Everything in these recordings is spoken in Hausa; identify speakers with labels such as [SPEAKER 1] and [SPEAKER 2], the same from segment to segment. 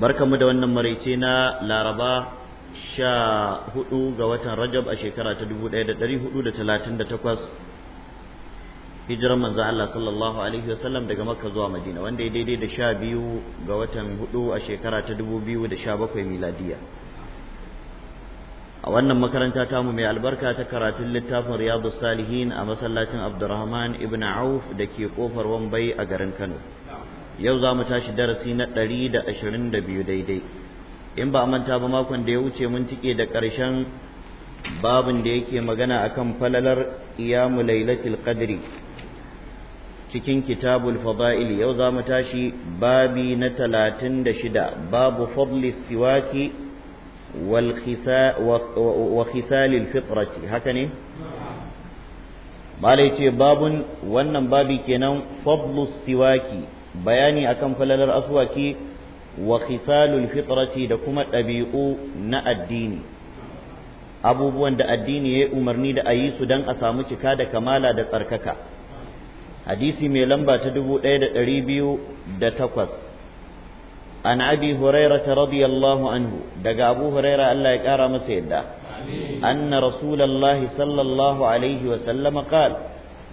[SPEAKER 1] barkamu da wannan maraice na laraba sha hudu ga watan rajab a shekara ta dubu daya da dari hudu da talatin da takwas hijirar manzo Allah sallallahu alaihi wasallam daga makka zuwa madina wanda ya daidai da sha biyu ga watan hudu a shekara ta dubu biyu da sha bakwai miladiya a wannan makaranta tamu mai albarka ta karatun littafin riyadu salihin a masallacin abdurrahman ibn auf da ke kofar wambai a garin kano yau za mu tashi darasi na ɗari da ashirin da biyu daidai in ba a manta ba makon da ya wuce mun cike da ƙarshen babin da yake magana akan falalar iyamu lailatul qadri cikin kitabul fada'il yau za mu tashi babi na talatin da shida babu fadli siwaki wa khisalil fitrati haka ne malai ce babun wannan babi kenan fadlu siwaki bayani akan falalar aswaki wa khisalul fitrati da kuma ɗabi'u na addini abubuwan da addini ya yi umarni da a yi su don a samu cika da kamala da tsarkaka hadisi mai lamba ta dubu ɗaya da ɗari biyu da takwas an abi huraira ta radiyallahu anhu daga abu huraira Allah ya ƙara masa yadda anna rasulallahi sallallahu alaihi wa sallama qal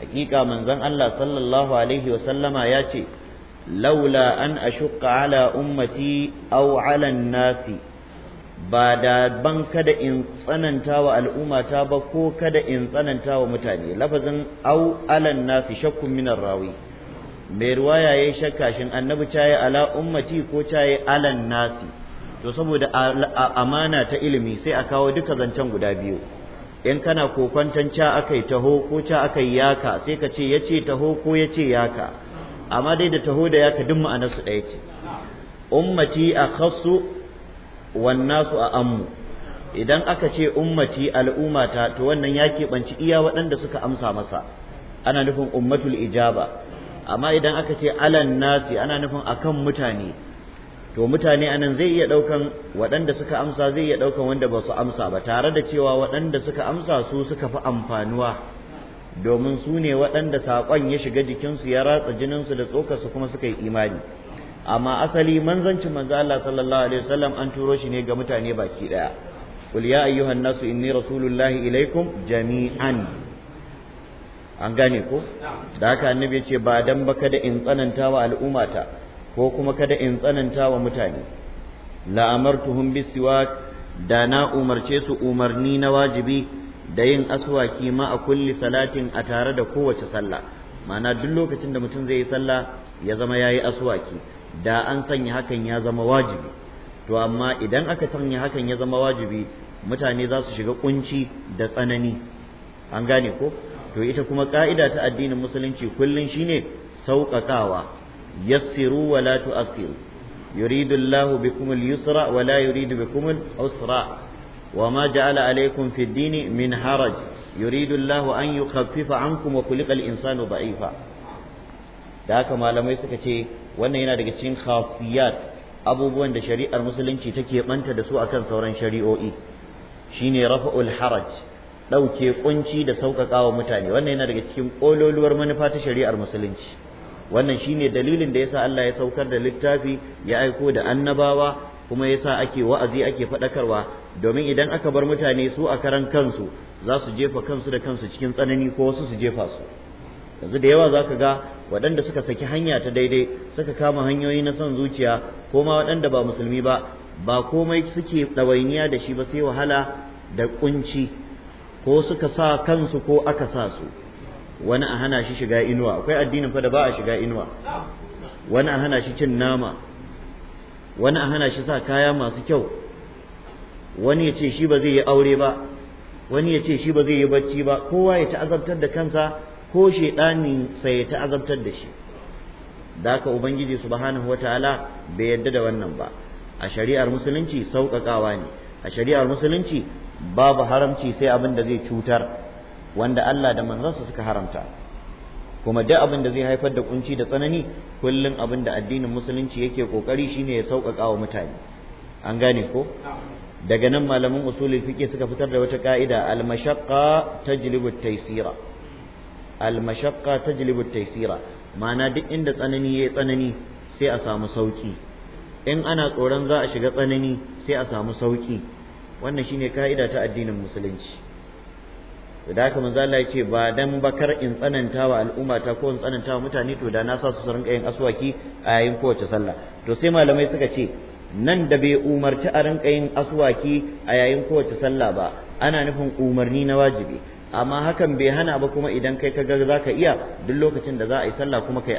[SPEAKER 1] hakika manzon Allah sallallahu alaihi wa sallama ya ce laula an ashuqqa ala ummati aw ala nasi ba da ban kada in tsananta wa al'ummata ba ko kada in tsananta wa mutane lafazin aw ala nasi shakkun minar rawi mai ruwaya yayi shakka shin annabi caye ala ummati ko caye ala nasi to saboda amana ta ilimi sai a kawo duka zancen guda biyu in kana kokwanton ca akai taho ko ca akai yaka sai ka ce yace taho ko yace yaka amma dai da taho da ya ka duk ma'anar su ɗaya ce ummati a khasu wan nasu a ammu idan aka ce ummati al'ummata to wannan ya keɓanci iya waɗanda suka amsa masa ana nufin ummatul ijaba amma idan aka ce alan nasi ana nufin akan mutane to mutane anan zai iya ɗaukan waɗanda suka amsa zai iya ɗaukan wanda ba su amsa ba tare da cewa waɗanda suka amsa su suka fi amfanuwa domin su ne waɗanda saƙon ya shiga jikinsu ya ratsa jininsu da tsokarsu kuma suka yi imani amma asali manzancin manzo Allah sallallahu alaihi wasallam an turo shi ne ga mutane baki daya qul ya ayyuhan nasu inni rasulullahi ilaikum jami'an an gane ko da haka annabi ce ba dan ba kada in tsananta wa al'ummata ko kuma kada in tsananta wa mutane la amartuhum bisiwak da na umarce su umarni na wajibi da yin aswaki ma a kulli salatin a tare da kowace sallah ma'ana duk lokacin da mutum zai yi sallah ya zama ya yi aswaki da an sanya hakan ya zama wajibi to amma idan aka sanya hakan ya zama wajibi mutane za su shiga kunci da tsanani an gane ko to ita kuma ka'ida ta addinin musulunci kullum shine sauƙaƙawa yassiru wa la tu'assiru yuridu Allahu bikum al-yusra wa la yuridu bikum usra وما جعل عليكم في الدين من حرج يريد الله أن يخفف عنكم وخلق الإنسان ضعيفا da haka malamai suka ce wannan yana daga cikin khasiyat abubuwan da shari'ar musulunci take banta da su akan sauran shari'o'i shine rafa'ul haraj ɗauke kunci da sauƙaƙawa mutane wannan yana daga cikin ƙololuwar manufa ta shari'ar musulunci wannan shine dalilin da yasa Allah ya saukar da littafi ya aiko da annabawa kuma yasa ake wa'azi ake faɗakarwa domin idan aka bar mutane su a karan kansu za su jefa kansu da kansu cikin tsanani ko wasu su jefa su yanzu da yawa za ka ga waɗanda suka saki hanya ta daidai suka kama hanyoyi na son zuciya ko ma waɗanda ba musulmi ba ba komai suke ɗawainiya da shi ba sai wahala da ƙunci ko suka sa kansu ko aka sa su wani a hana shi shiga inuwa akwai addinin fa da ba a shiga inuwa wani a hana shi cin nama wani a hana shi sa kaya masu kyau wani ya ce shi ba zai yi aure ba wani ya ce shi ba zai yi bacci ba kowa ya ta'azabtar da kansa ko shaidanin sai ya ta'azabtar da shi da haka ubangiji subhanahu wataala bai yadda da wannan ba a shari'ar musulunci sauƙaƙawa ne a shari'ar musulunci babu haramci sai abin da zai cutar wanda Allah da manzansa suka haramta kuma duk abin da zai haifar da kunci da tsanani kullum abin da addinin musulunci yake kokari shine ya sauƙaƙawa mutane an gane ko daga nan malaman usulul fiqh suka fitar da wata ka'ida al mashaqqa tajlibu at taysira al mashaqqa tajlibu at taysira ma'ana duk inda tsanani yayi tsanani sai a samu sauki in ana tsoron za a shiga tsanani sai a samu sauki wannan shine ka'ida ta addinin musulunci da haka manzo Allah ya ce ba dan bakar in tsananta wa al'umma ta ko in tsananta wa mutane to da na sa su rinka yin aswaki a yayin kowace sallah to sai malamai suka ce nan da bai umarci a rinka yin aswaki a yayin kowace sallah ba ana nufin umarni na wajibi amma hakan bai hana ba kuma idan kai kaga za ka iya duk lokacin da za a yi sallah kuma kai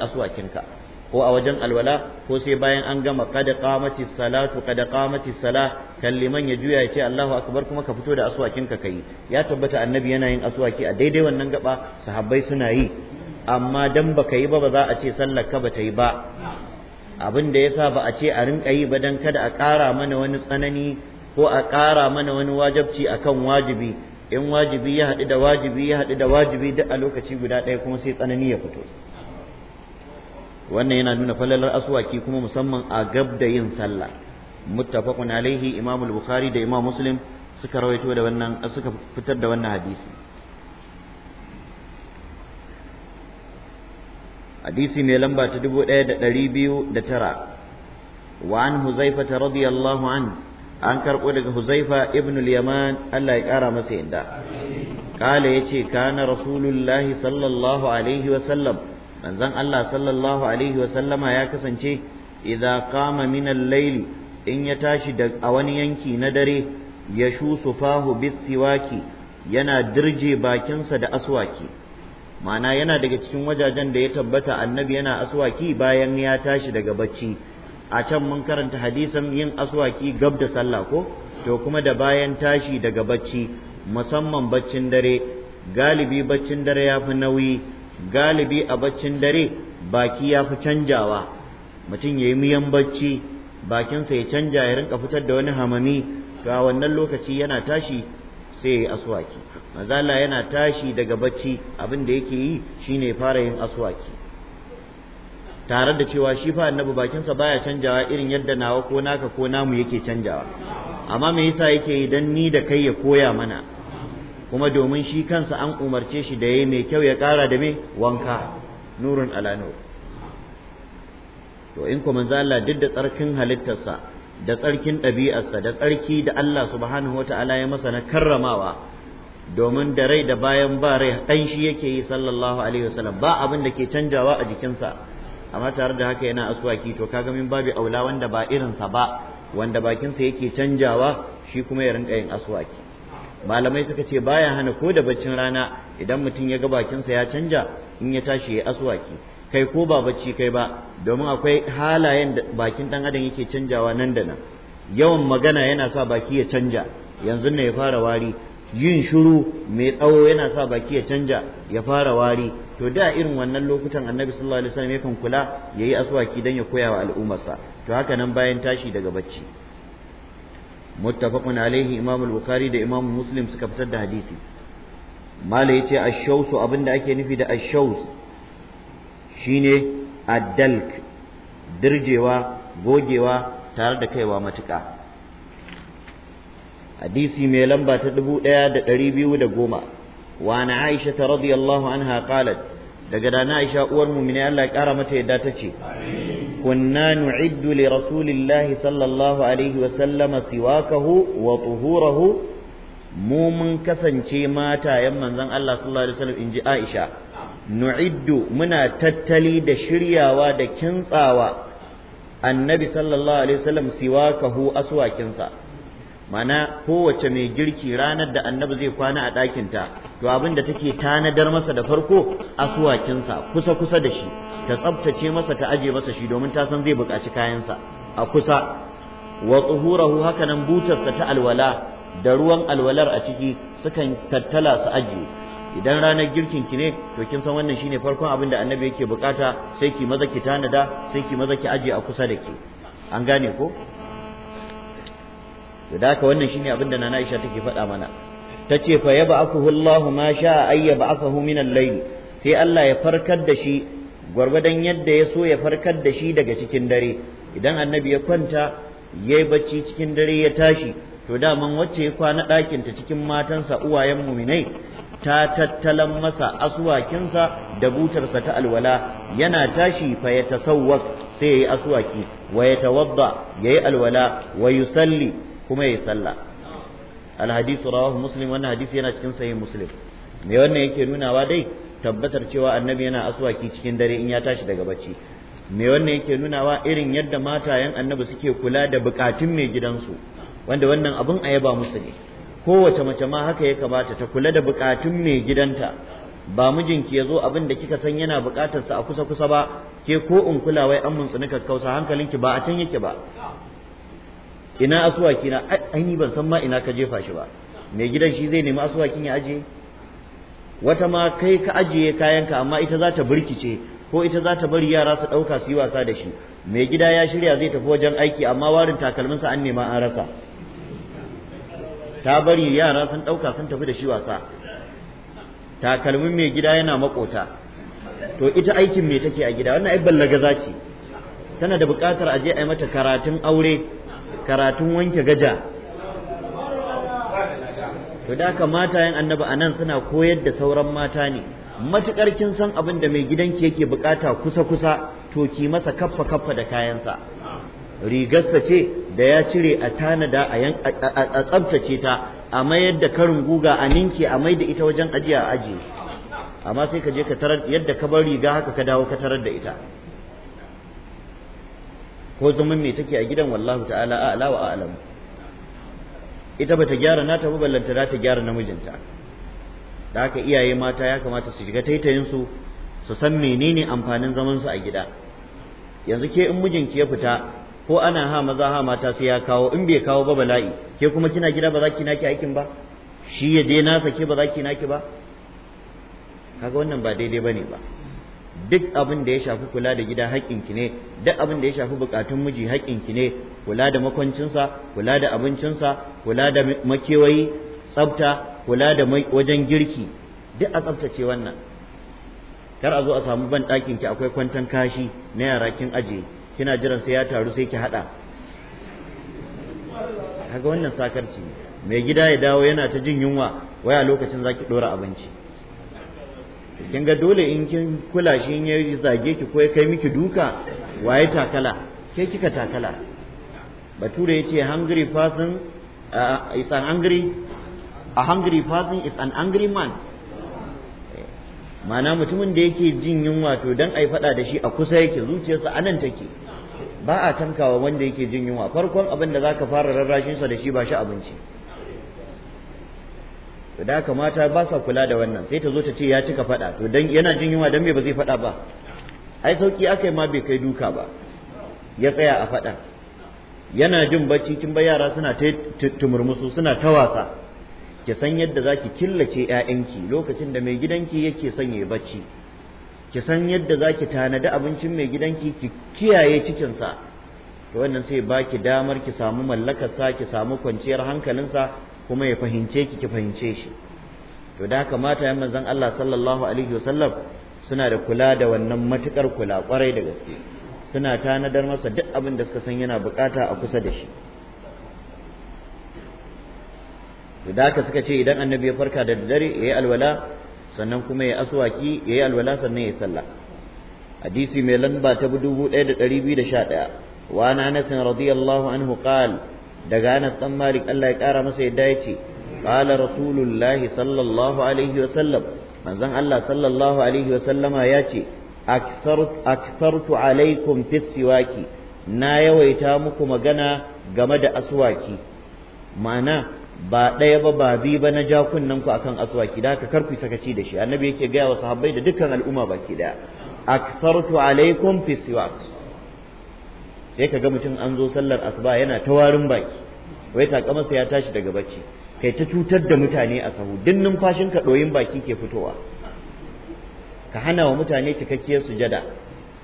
[SPEAKER 1] ka. ko a wajen alwala ko sai bayan an gama kada qamati salatu kada qamati salah kalliman ya juya ya ce Allahu akbar kuma ka fito da aswakin ka kai ya tabbata annabi yana yin aswaki a daidai wannan gaba sahabbai suna yi amma dan baka yi ba ba za a ce sallar ka bata yi ba abin da ya sa ba a ce a rinka yi ba dan kada a ƙara mana wani tsanani ko a ƙara mana wani wajabci akan wajibi in wajibi ya haɗu da wajibi ya haɗu da wajibi duk a lokaci guda ɗaya kuma sai tsanani ya fito wannan yana nuna falalar aswaki kuma musamman a gab da yin sallah muttafaqun alaihi imamul bukhari da imam muslim suka rawaito da wannan suka fitar da wannan hadisi hadisi mai lamba ta dubu ɗaya da ɗari biyu da tara Wa'an an huzaifa ta radiyallahu an an karɓo daga huzaifa ibn al Allah ya ƙara masa yadda kala ya ce kana rasulullahi sallallahu alaihi wa sallam manzon Allah sallallahu alaihi wa sallama ya kasance idza kama min al-layl in ya tashi a wani yanki na dare ya shu sufahu bis siwaki yana dirje bakinsa da aswaki ma'ana yana daga cikin wajajen da ya tabbata annabi yana aswaki bayan ya tashi daga bacci a can mun karanta hadisan yin aswaki gab da sallah ko to kuma da bayan tashi daga bacci musamman baccin dare galibi baccin dare ya fi nauyi galibi a baccin dare baki ya fi canjawa mutum ya yi miyan bacci bakinsa ya canja ya rinka fitar da wani hamami to a wannan lokaci yana tashi sai yayi aswaki mazala yana tashi daga bacci abin da yake yi shine fara yin aswaki tare da cewa shi fa annabi bakinsa baya canjawa irin yadda nawa ko naka ko namu yake canjawa amma me yasa yake yi dan ni da kai ya koya mana kuma domin shi kansa an umarce shi da yayi mai kyau ya kara da me wanka nurun ala nur to in ko manzo Allah duk da tsarkin halittarsa da tsarkin ɗabi'arsa da tsarki da Allah subhanahu wata'ala ya masa na karramawa domin da rai da bayan ba rai shi yake yi sallallahu alaihi wasallam ba abin da ke canjawa a jikinsa amma tare da haka yana aswaki to kaga min babu aula wanda ba irinsa ba wanda bakinsa yake canjawa shi kuma ya rinka yin aswaki malamai suka ce baya hana ko da baccin rana idan mutum ya ga bakinsa ya canja in ya tashi ya yi aswaki kai ko ba bacci kai ba domin akwai halayen da bakin dan adam yake canjawa nan da nan yawan magana yana sa baki ya canja yanzu ne ya fara wari yin shiru mai tsawo yana sa baki ya canja ya fara wari to da irin wannan lokutan annabi sallallahu alaihi wasallam yakan kula yayi aswaki dan ya koya wa al'ummarsa to haka nan bayan tashi daga bacci muttafaqun alaihi imam al-bukhari da imam muslim suka fitar da hadisi mala yace ash-shaws abinda ake nufi da ash-shaws shine addalk dirjewa gogewa tare da kaiwa matuƙa hadisi mai lamba ta dubu ɗaya da ɗari biyu da goma wa na aisha ta radiyallahu anha qalat daga da na aisha uwar mumini Allah ya ƙara mata yadda ta ce kunna nu'iddu li rasulillahi sallallahu alaihi wa sallama siwakahu wa tuhurahu mu mun kasance matayen manzon Allah sallallahu alaihi in ji Aisha nu'iddu muna tattali da shiryawa da kintsawa annabi sallallahu alaihi wasallam siwakahu aswakinsa mana kowace mai girki ranar da annabi zai kwana a ɗakinta to abin da take tanadar masa da farko aswakinsa kusa kusa da shi ta tsabtace masa ta aje masa shi domin ta san zai buƙaci kayansa a kusa wa tsuhurahu hakanan butarsa ta alwala da ruwan alwalar a ciki sukan tattala su ajiye idan ranar girkin ki ne to kin san wannan shine farkon abin da annabi yake bukata sai ki maza ki tanada sai ki maza ki aje a kusa da ke an gane ko to da haka wannan shine abin da nana Aisha take faɗa mana tace fa yab'athu Allahu ma sha'a ay yab'athu min al-layl sai Allah ya farkar da shi gwargwadon yadda ya so ya farkar da shi daga cikin dare idan annabi ya kwanta yayi bacci cikin dare ya tashi to daman wacce ya kwana ɗakin ta cikin matansa uwayen muminai ta tattalan masa asuwakinsa da butarsa ta alwala yana tashi fa ya tasawwaf sai ya yi asuwaki wa ya tawadda ya yi alwala wa yusalli kuma ya salla. sallah alhadisu rawahu muslim wannan hadisi yana cikin sahih muslim me wannan yake nunawa dai tabbatar cewa annabi yana asuwaki cikin dare in ya tashi daga bacci me wannan yake nunawa irin yadda matayen annabi suke kula da bukatun mai gidansu wanda wannan abin a yaba musu ne kowace mace ma haka ya kamata ta kula da bukatun mai gidanta ba mijinki ya zo abin da kika san yana sa a kusa kusa ba ke ko in kula wai an mun tsini kakkausa hankalinki ba a can yake ba ina asuwaki na ai ban san ma ina ka jefa shi ba mai gidan shi zai nemi asuwakin ya aje wata ma kai ka ajiye kayanka amma ita za ta birkice ko ita za ta bari yara su ɗauka su yi wasa da shi mai gida ya shirya zai tafi wajen aiki amma warin takalminsa an nema an rasa ta bari yara sun ɗauka sun tafi da shi wasa takalmin mai gida yana makota to ita aikin mai take a gida wannan ai ballagaza ce tana da buƙatar a je a yi mata karatun aure karatun wanke gaja to da haka matayen annabi anan suna koyar da sauran mata ne matuƙar kin san abin da mai gidanki yake buƙata kusa kusa to ki masa kaffa kaffa da kayansa rigarsa ce da ya cire a tanada a tsabtace ta a mayar da karin guga a ninke a mai da ita wajen ajiya a ajiye amma sai ka je ka tarar yadda ka bar riga haka ka dawo ka tarar da ita ko zaman me take a gidan wallahu ta'ala a'la wa a'lam ita bata gyara nata ba ballanta za ta gyara namijinta da haka iyaye mata ya kamata su shiga taitayin su su san menene amfanin zaman su a gida yanzu ke in mijinki ya fita ko ana ha maza ha mata sai ya kawo in bai kawo ba bala'i ke kuma kina gida ba za ki naki aikin ba shi ya je nasa ke ba za ki naki ba kaga wannan ba daidai bane ba duk abin da ya shafi kula da gida haƙƙin ki ne duk abin da ya shafi buƙatun miji ki ne kula da makwancinsa kula da abincinsa kula da makewayi tsafta kula da wajen girki duk a tsaftace wannan kar a zo a samu ban ɗakin ki akwai kwantan kashi na yara kin aje kina jiran sai ya taru sai ki hada kaga wannan sakarci mai gida ya dawo yana ta jin yunwa waya lokacin zaki dora abinci kin ga dole in kin kula shi in ya zage ki ko ya kai miki duka waye takala ke kika takala bature yace hungry person uh, is an angry a hungry person is an angry man ma'ana mutumin da yake jin yunwa to dan ai faɗa da shi a kusa yake zuciyarsa anan take ba a tankawa wanda yake jin yunwa farkon abin da zaka fara rarrashin sa da shi ba shi abinci to da kamata ba sa kula da wannan sai ta zo ta ce ya cika faɗa to dan yana jin yunwa dan me ba zai faɗa ba ai sauki akai ma bai kai duka ba ya tsaya a faɗa yana jin bacci kin ba yara suna ta tumurmusu suna ta wasa ki san yadda za ki killace 'ya'yanki lokacin da mai gidanki yake son ya bacci ki san yadda za ki tanadi abincin mai gidanki ki kiyaye cikinsa to wannan sai ba ki damar ki samu mallakarsa ki samu kwanciyar hankalinsa kuma ya fahimce ki ki fahimce shi to da haka mata yan manzon Allah sallallahu alaihi wasallam suna da kula da wannan matukar kula kwarai da gaske suna tanadar masa duk abin da suka san yana bukata a kusa da shi da aka suka ce idan annabi ya farka da dare yi alwala sannan kuma ya aswaki ya yi alwala sannan ya sallah hadisi mai lamba ta dubu da da biyu sha 1211 wa ana anas radiyallahu anhu qal daga Anas dan Malik Allah ya kara masa yadda ya ce qala rasulullahi sallallahu alaihi wa sallam manzon Allah sallallahu alaihi wa sallama ya ce akthartu akthartu alaikum fis siwaki na yawaita muku magana game da aswaki ma'ana ba ɗaya ba ba biyu ba na jakunan ku akan aswaki da haka karku ci da shi annabi yake gaya wa sahabbai da dukkan al'umma baki daya aktsartu alaikum fi siwak sai kaga mutum an zo sallar asuba yana ta warin baki wai takamarsa ya tashi daga bacci kai ta cutar da mutane a sahu duk numfashin ka ɗoyin baki ke fitowa ka hana wa mutane cikakkiyar sujada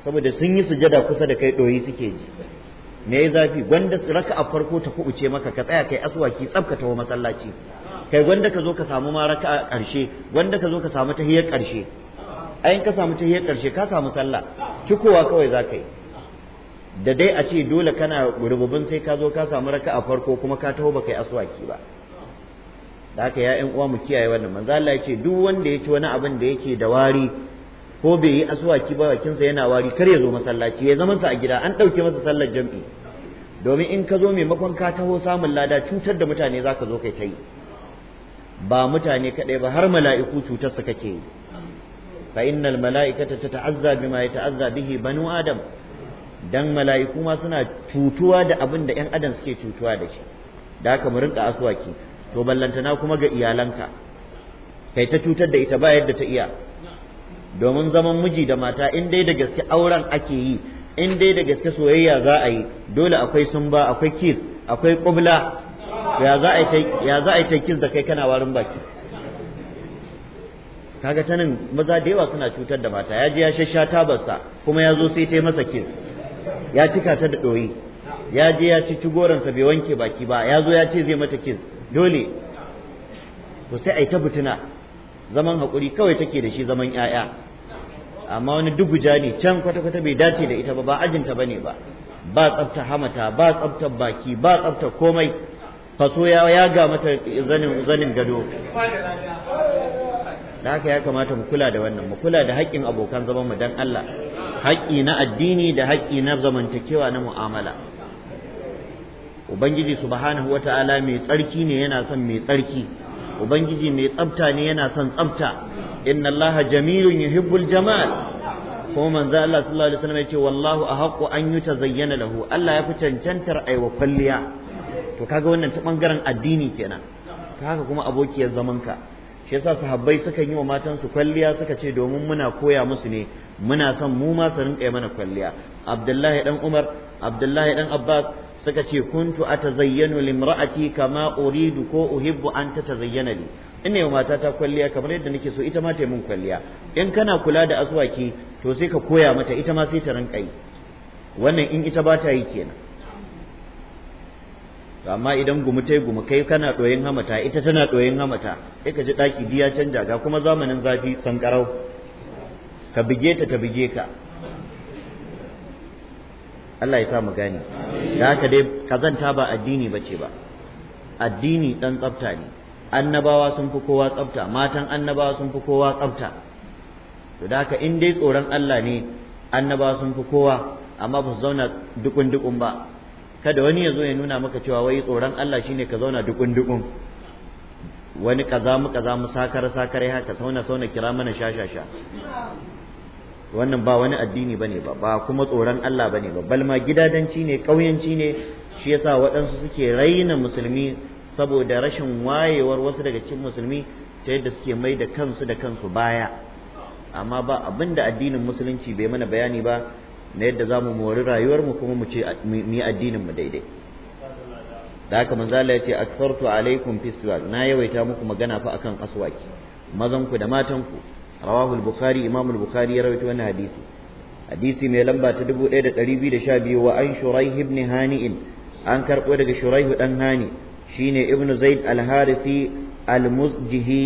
[SPEAKER 1] saboda sun yi sujada kusa da kai ɗoyi suke ji me ya zafi gwanda raka a farko ta kubuce maka ka tsaya kai aswaki tsabkata wa masallaci kai gwanda ka zo ka samu ma a ƙarshe gwanda ka zo ka samu tahiyar ƙarshe ayin ka samu tahiyar ƙarshe ka samu sallah cikowa kawai za yi da dai a ce dole kana rububin sai ka zo ka samu raka a farko kuma ka taho ba kai aswaki ba da haka ya uwa mu kiyaye wannan manzo Allah ya duk wanda ya ci wani abin da yake da wari ko bai yi asuwaki ba bakinsa yana wari kar ya zo masallaci ya zaman sa a gida an ɗauke masa sallar jam'i domin in ka zo maimakon ka taho samun lada cutar da mutane za ka zo kai ta yi ba mutane kaɗai ba har mala'iku cutar cutarsa kake yi fa innal mala'ikata tata'azza bima yata'azza bihi banu adam dan mala'iku ma suna cutuwa da abin da 'yan adam suke cutuwa da shi da haka mu rinka aswaki to ballantana kuma ga iyalanka kai ta cutar da ita ba yadda ta iya domin zaman miji da mata in dai da gaske auren ake yi in dai da gaske soyayya za a yi dole akwai sumba akwai kiss akwai kubla ya za a ya za a yi kiss da kai kana warin baki kaga tanin maza da yawa suna cutar da mata ya ji ya shasha tabarsa kuma ya zo sai ta masa kiss ya cika ta da doyi ya je ya ci goransa bai wanke baki ba ya zo ya ce zai mata kiss dole ko sai a yi ta butuna zaman hakuri kawai take da shi zaman 'ya'ya amma wani duguja ne can kwata-kwata bai dace da ita ba ba ajinta bane ba ba tsafta hamata ba tsafta baki ba tsafta komai faso ya yaga mata zanin zanin gado da haka ya kamata mu kula da wannan mu kula da haƙƙin abokan zaman mu dan Allah haƙƙi na addini da haƙƙi na zamantakewa na mu'amala ubangiji subhanahu wata'ala mai tsarki ne yana son mai tsarki ubangiji mai tsafta ne yana son tsafta inna allaha jamilun yuhibbul jamal kuma manzo Allah sallallahu alaihi wasallam yace wallahu ahqqu an yutazayyana lahu Allah ya fi cancantar aiwa kwalliya to kaga wannan ta bangaren addini kenan haka kuma abokiyar zaman ka shi yasa sahabbai suka yi wa matansu kwalliya suka ce domin muna koya musu ne muna son mu ma su rinka mana kwalliya Abdullahi dan Umar Abdullahi dan Abbas suka ce kuntu zayyana limra'ati kama uridu ko uhibbu an ta zayyana li in ne mata ta kwalliya kamar yadda nake so ita ma ta mun kwalliya in kana kula da aswaki to sai ka koya mata ita ma sai ta ranka yi wannan in ita ba ta yi kenan to amma idan gumu tai kai kai kana doyin hamata ita tana doyin hamata sai ka ji daki diya canja ga kuma zamanin zafi sankarau ka bige ta ta bige ka Allah ya sa mu gane da haka dai kazanta ba addini bace ba addini dan tsafta ne annabawa sun fi kowa tsafta matan annabawa sun fi kowa tsafta to da haka in dai tsoron Allah ne annabawa sun fi kowa amma ba su zauna dukun dukun ba kada wani ya zo ya nuna maka cewa wai tsoron Allah shine ka zauna dukun dukun wani kaza mu kaza mu sakar sakare haka sauna sauna kira mana sha wannan ba wani addini bane ba ba kuma tsoron Allah bane ba bal ma gidadanci ne ƙauyanci ne shi yasa waɗansu suke raina musulmi saboda rashin wayewar wasu daga cikin musulmi ta yadda suke mai da kansu da kansu baya amma ba abin addinin musulunci bai mana bayani ba na yadda za mu mori rayuwarmu kuma mu ce mu yi addinin mu daidai da haka manzo Allah ya ce aksartu alaikum fiswal na yawaita muku magana fa akan aswaki mazan ku da matan ku rawahul al-bukhari imam bukhari ya rawaito wannan hadisi hadisi mai lamba ta dubu 1212 wa an shuraih ibn hani'in an karbo daga shuraih dan hani shine ibnu zaid alharifi harithi al-muzjihi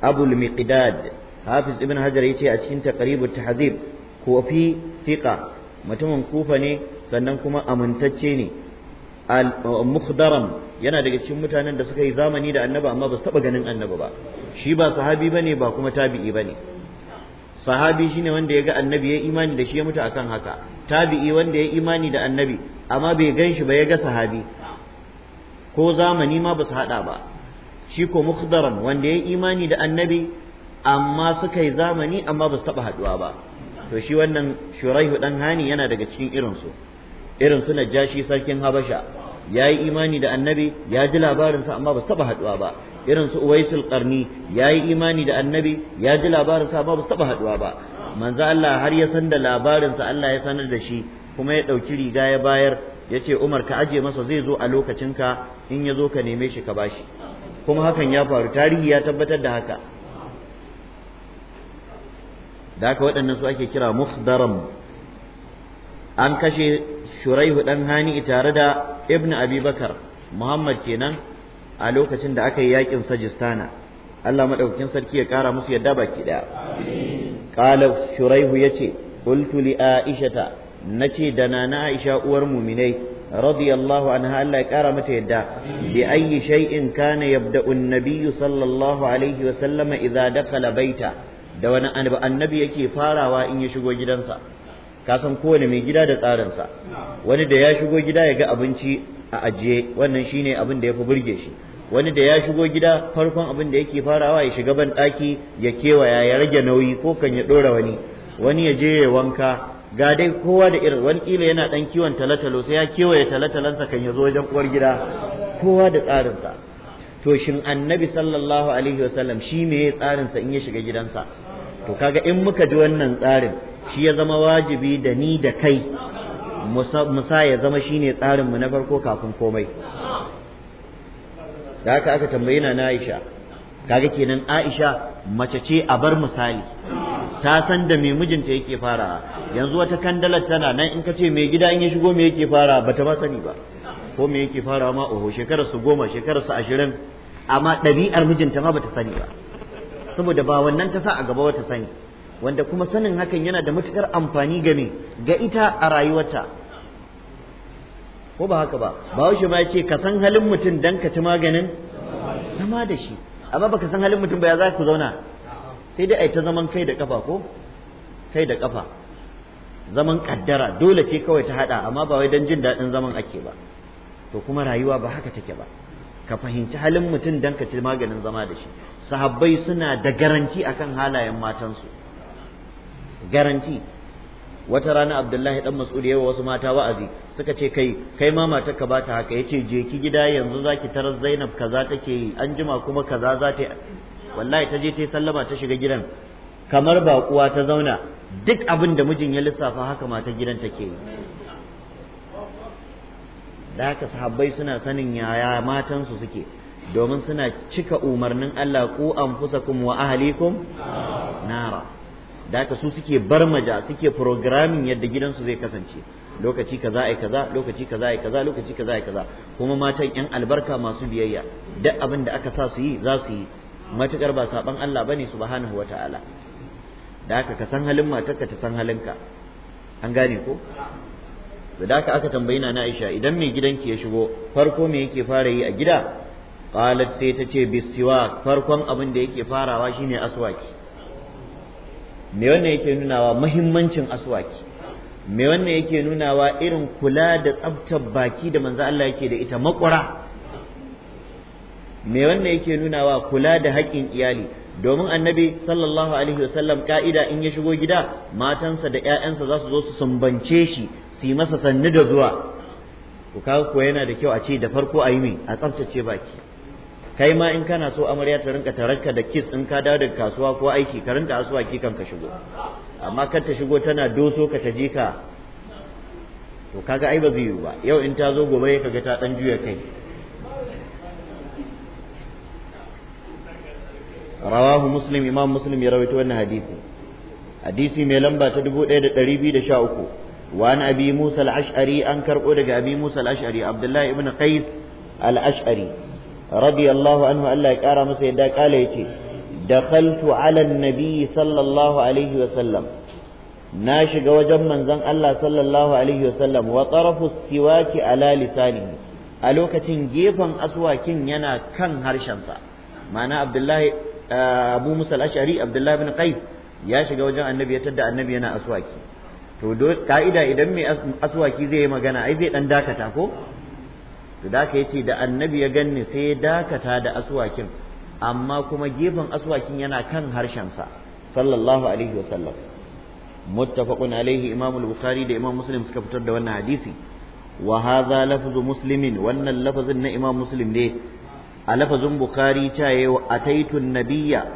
[SPEAKER 1] abu hafiz ibnu hajar ya ce a cikin taqribut tahzib ko fi mutumin kufa ne sannan kuma amintacce ne al-mukhdaram yana daga cikin mutanen da suka yi zamani da annaba amma ba su taba ganin annaba ba shi ba sahabi bane ba kuma tabi'i bane sahabi shine wanda ya ga annabi ya imani da shi ya mutu akan haka tabi'i wanda ya imani da annabi amma bai gan shi ba ya ga sahabi ko zamani ma ba su hada ba shi ko mukhdaran wanda ya imani da annabi amma suka yi zamani amma ba su taba haduwa ba to shi wannan shuraihu dan hani yana daga cikin irin su irin su najashi sarkin habasha ya yi imani da annabi ya ji labarinsa amma ba su taba haduwa ba irin su Uwaisul Qarni yayi imani da Annabi ya ji labarin sa ba su taba haduwa ba manzo Allah har ya san da labarin sa Allah ya sanar da shi kuma ya dauki riga ya bayar yace Umar ka aje masa zai zo a lokacin ka in ya zo ka neme shi ka bashi kuma hakan ya faru tarihi ya tabbatar da haka da haka waɗannan su ake kira mukhdaram an kashe shuraihu dan hani tare da ibnu abubakar muhammad kenan a lokacin da aka yi yakin sajistana Allah madaukakin sarki ya kara musu yadda baki daya qala shuraihu yace qultu li aishata nace da nana aisha uwar muminai radiyallahu anha Allah ya kara mata yadda bi ayyi shay'in kana yabda'u an-nabiy sallallahu alaihi wa sallama idza dakala baita da wani annabi yake farawa in ya shigo gidansa ka san kowane mai gida da tsarinsa wani da ya shigo gida ya ga abinci a ajiye wannan shine abin da ya fi burge shi wani da ya shigo gida farkon abin da yake farawa ya shiga ban ɗaki ya kewaya ya rage nauyi ko kan ya ɗora wani wani ya je ya wanka ga dai kowa da irin wani kila yana ɗan kiwon talatalo sai ya kewaye talatalansa kan ya zo wajen uwar gida kowa da tsarinsa to shin annabi sallallahu alaihi wasallam shi me ya tsarinsa in ya shiga gidansa to kaga in muka ji wannan tsarin shi ya zama wajibi da ni da kai musa ya zama shine tsarin mu na farko kafin komai da haka aka tambaye na Aisha kaga kenan Aisha mace ce a bar misali ta san da me mijinta yake fara yanzu wata kandalar tana nan in ka ce mai gida in ya shigo me yake fara ba ta ba sani ba ko me yake fara ma oho shekarar su goma shekarar su ashirin amma ɗabi'ar mijinta ma ta sani ba saboda ba wannan ta sa a gaba wata sani wanda kuma sanin hakan yana da matukar amfani game ga ita a rayuwarta ko ba haka ba bahaushe ma yace ka san halin mutum dan ka ci maganin zama da shi amma baka san halin mutum ba ya za ku zauna sai dai ai ta zaman kai da kafa ko kai da kafa zaman kaddara dole ce kawai ta hada amma ba wai dan jin daɗin zaman ake ba to kuma rayuwa ba haka take ba ka fahimci halin mutum dan ka ci maganin zama da shi sahabbai suna da garanti akan halayen matansu garanti wata rana abdullahi dan mas'ud yawa wasu mata wa'azi suka ce kai kai ma matar ka ba ta haka yace je ki gida yanzu zaki tarar zainab kaza take yi anjima kuma kaza za ta wallahi ta je ta sallama ta shiga gidan kamar baƙuwa ta zauna duk abin da mijin ya lissafa haka mata gidan take yi da haka sahabbai suna sanin yaya matansu suke domin suna cika umarnin Allah ku anfusakum wa ahlikum nara da haka su suke barmaja suke programming yadda gidansu zai kasance lokaci kaza ai kaza lokaci kaza ai kaza lokaci kaza ai kaza kuma matan yan albarka masu biyayya duk abin da aka sa su yi za su yi matukar ba saban Allah bane subhanahu wataala da haka ka san halin matarka ta san halinka an gane ko da haka aka tambayi na Aisha idan mai gidanki ya shigo farko me yake fara yi a gida qalat sai ta ce bisiwak farkon abin da yake farawa shine aswaki me wannan yake nunawa muhimmancin aswaki me wannan yake nunawa irin kula da tsabtar baki da manzo Allah yake da ita makwara me wannan yake nunawa kula da haƙƙin iyali domin annabi sallallahu alaihi wasallam ka'ida in ya shigo gida matansa da ƴaƴansa za su zo su sumbance shi su yi masa sannu da zuwa ku kawo ko yana da kyau a ce da farko a yi me a tsabtace baki kai ma in kana so amarya ta rinka tarakka da kiss in ka dawo daga kasuwa ko aiki ka rinka asuwa kan ka shigo amma kar ta shigo tana doso ka ta ka to kaga ai ba zai yiwu ba yau in ta zo gobe ka ga ta dan juya kai rawahu muslim imam muslim ya rawaito wannan hadisi hadisi mai lamba ta 1213 wa an abi musa al-ash'ari an karbo daga abi musa ashari abdullahi ibn qais al-ash'ari radiyallahu anhu Allah ya kara masa yadda kala ya ce. ala nabi sallallahu alaihi na shiga wajen manzon Allah sallallahu alaihi wa sallam wa tarafu siwaki ala lisanihi a lokacin gefen aswakin yana kan harshensa ma'ana abdullahi eh, abu musa abdullahi bin qais ya shiga wajen annabi ya tadda annabi yana aswaki to ka'ida idan mai aswaki zai yi magana ai zai ɗan dakata ko to da ka yace da annabi ya ganni sai ya dakata da aswakin amma kuma gefen aswakin yana kan harshensa sallallahu alaihi wasallam muttafaqun alaihi imam al-bukhari da imam muslim suka fitar da wannan hadisi wa hadha lafzu muslimin wannan lafazin na imam muslim ne a lafazin bukhari ta yi ataitun nabiyya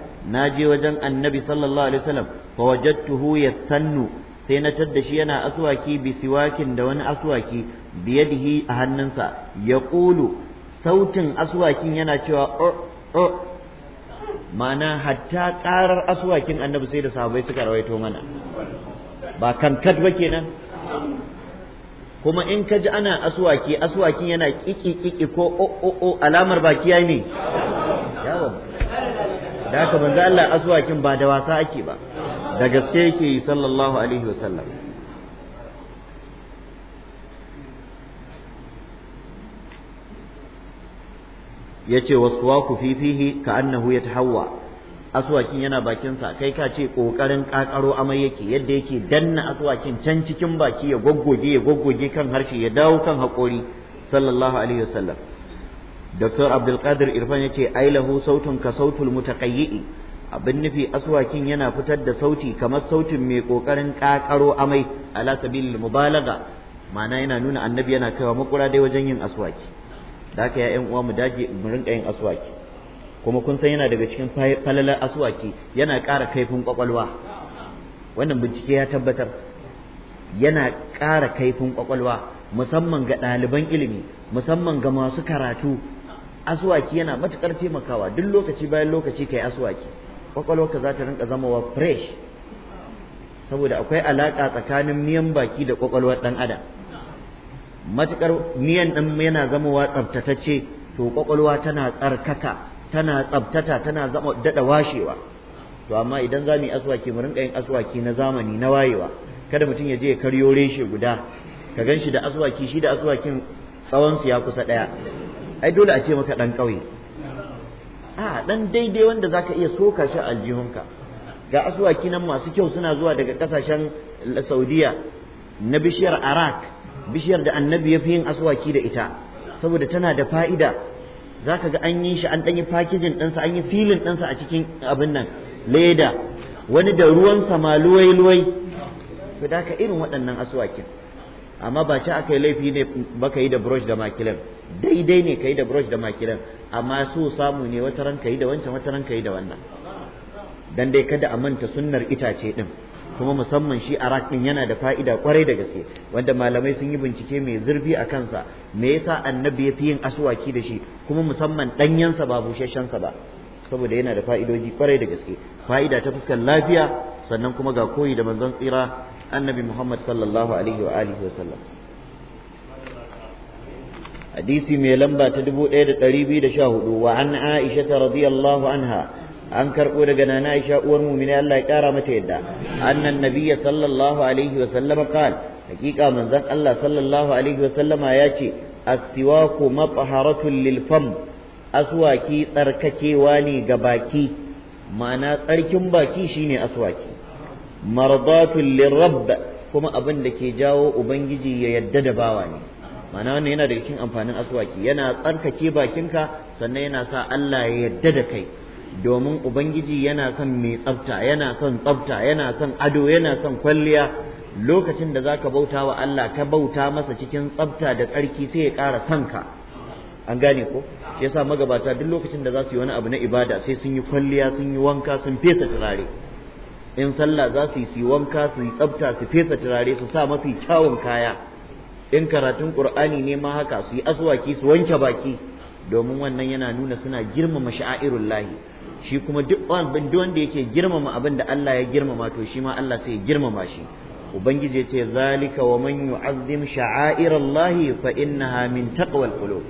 [SPEAKER 1] je wajen annabi sallallahu alaihi wasallam fa wajadtuhu yastannu sai na tadda shi yana aswaki bi siwakin da wani aswaki biyadihi a hannunsa ya ƙulu sautin aswakin yana cewa o ma'ana hatta ƙarar aswakin annabi sai da sahabbai suka rawaito mana ba kankat ba kenan kuma in ka ji ana aswaki aswakin yana kiki kiki ko o o alamar baki ya ne yawon
[SPEAKER 2] da haka manzo Allah
[SPEAKER 1] aswakin ba da wasa ake ba da gaske yake yi sallallahu alaihi wasallam yace waswaku fi fihi ta yatahawwa aswakin yana bakinsa kai ka ce ƙoƙarin ƙaƙaro amai yake yadda yake danna aswakin can cikin baki ya goggoge ya goggoge kan harshe ya dawo kan haƙori sallallahu alaihi wasallam Dr. Abdulkadir Irfan ya yace ailahu sautun ka sautul mutaqayyi abin nufi aswakin yana fitar da sauti kamar sautin mai kokarin kakaro amai ala sabilil mubalaga ma'ana yana nuna annabi yana kaiwa makura dai wajen yin aswaki da haka ya uwa mu dage mu rinka yin aswaki kuma kun san yana daga cikin falalar aswaki yana ƙara kaifin kwakwalwa wannan bincike ya tabbatar yana ƙara kaifin kwakwalwa musamman ga ɗaliban ilimi musamman ga masu karatu aswaki yana matuƙar taimakawa duk lokaci bayan lokaci kai aswaki kwakwalwarka za ta rinka zamawa fresh saboda akwai alaƙa tsakanin miyan baki da kwakwalwar ɗan adam matuƙar miyan ɗin yana zamowa tsabtatacce to kwakwalwa tana tsarkaka tana tsabtata tana zama daɗa washewa to amma idan za mu yi aswaki mu rinka yin aswaki na zamani na wayewa kada mutum ya je ya karyo reshe guda ka gan shi da aswaki shi da aswakin tsawon su ya kusa ɗaya ai dole a ce maka ɗan ƙauye a dan daidai wanda zaka iya soka shi aljihunka ga asuwaki nan masu kyau suna zuwa daga kasashen saudiya na bishiyar arak bishiyar da annabi ya fi yin asuwaki da ita saboda tana da fa'ida zaka ga an yi shi an ɗanyi fakijin ɗansa an yi filin ɗansa a cikin abin nan leda wani da ruwan sama luwai-luwai to da ka irin waɗannan asuwakin amma ba ci aka yi laifi ne baka yi da brush da makilan daidai ne ka yi da brush da makilan amma so samu ne wata ranka yi da wancan wata ranka yi da wannan dan dai kada a manta sunnar itace din kuma musamman shi arak din yana da fa'ida kwarai da gaske wanda malamai sun yi bincike mai zurfi a kansa me yasa annabi ya fi yin aswaki da shi kuma musamman danyensa ba busheshensa ba saboda yana da fa'idoji kwarai da gaske fa'ida ta fuskar lafiya sannan kuma ga koyi da manzon tsira annabi Muhammad sallallahu alaihi wa alihi wa sallam hadisi mai lamba ta 1214 wa an Aisha radiyallahu anha an karɓo daga nana Aisha uwar mu'mina Allah ya ƙara mata yadda annan nabiyya sallallahu alaihi wa sallama qal hakika manzon Allah sallallahu alaihi wa ya ce as-siwaku mathaharatun lil fam aswaki tsarkakewa ne ga baki ma'ana tsarkin baki shine aswaki mardatun lirabb kuma abin da ke jawo ubangiji ya yadda da bawa ne ma'ana wannan yana daga cikin amfanin aswaki yana tsarkake bakinka sannan yana sa Allah ya yarda da kai domin ubangiji yana son mai tsafta yana son tsafta yana son ado yana son kwalliya lokacin da zaka bauta wa Allah ka bauta masa cikin tsafta da tsarki sai ya ƙara sanka an gane ko shi yasa magabata duk lokacin da za su yi wani abu na ibada sai sun yi kwalliya sun yi wanka sun fesa turare in sallah za su yi su yi wanka su yi tsafta su fesa turare su sa mafi kyawun kaya in karatun qur'ani ne ma haka su yi aswaki su wanke baki domin wannan yana nuna suna girmama sha'airul lahi shi kuma duk wanda yake girmama abin da Allah ya girmama to shi ma Allah sai ya girmama shi ubangiji ya ce zalika wa man yu'azzim sha'airul lahi fa innaha min taqwal qulub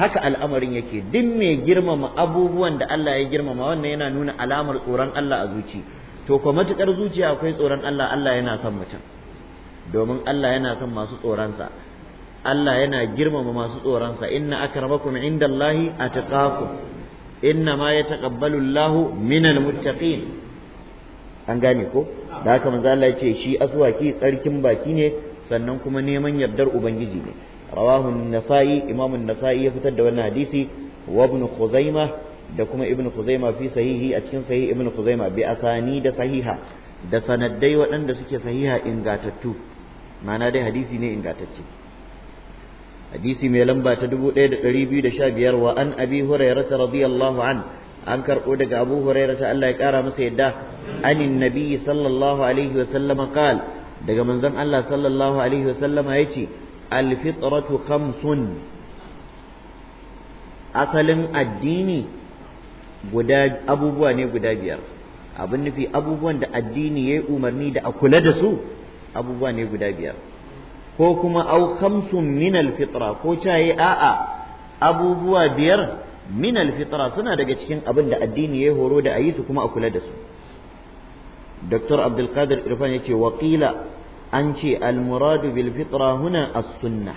[SPEAKER 1] haka al'amarin yake duk mai girmama abubuwan da Allah ya girmama wannan yana nuna alamar tsoron Allah a zuci to kuma matukar zuciya akwai tsoron Allah Allah yana son mutum domin Allah yana son masu tsoronsa Allah yana girmama masu tsoronsa inna akramakum indallahi atqakum inna ma yataqabbalu Allahu minal muttaqin an gane ko da haka manzo Allah yace shi aswaki tsarkin baki ne sannan kuma neman yardar ubangiji ne rawahu an-nasa'i imamu an-nasa'i ya fitar da wannan hadisi wa ibn khuzaimah da kuma ibn khuzaima fi sahihi a cikin sahihi ibn khuzaima bi asani da sahiha da sanaddai waɗanda suke sahiha ingatattu ma'ana dai hadisi ne ingantacce hadisi mai lamba ta 1215 wa an abi hurairah radiyallahu an an karbo daga abu hurairah Allah ya kara masa yadda anin nabiyyi sallallahu alaihi wa sallama qal daga manzon Allah sallallahu alaihi wa sallama yace al fitratu khamsun asalin addini guda abubuwa ne guda biyar abin nufi abubuwan da addini ya yi umarni da a kula da su abubuwa ne guda biyar ko kuma au khamsun min alfitra ko caye a'a abubuwa biyar min alfitra suna daga cikin abin da addini ya horo da ayi su kuma a kula da su Dr. Abdulkadir Irfan yake waƙila an ce almuradu bil fitra huna as-sunnah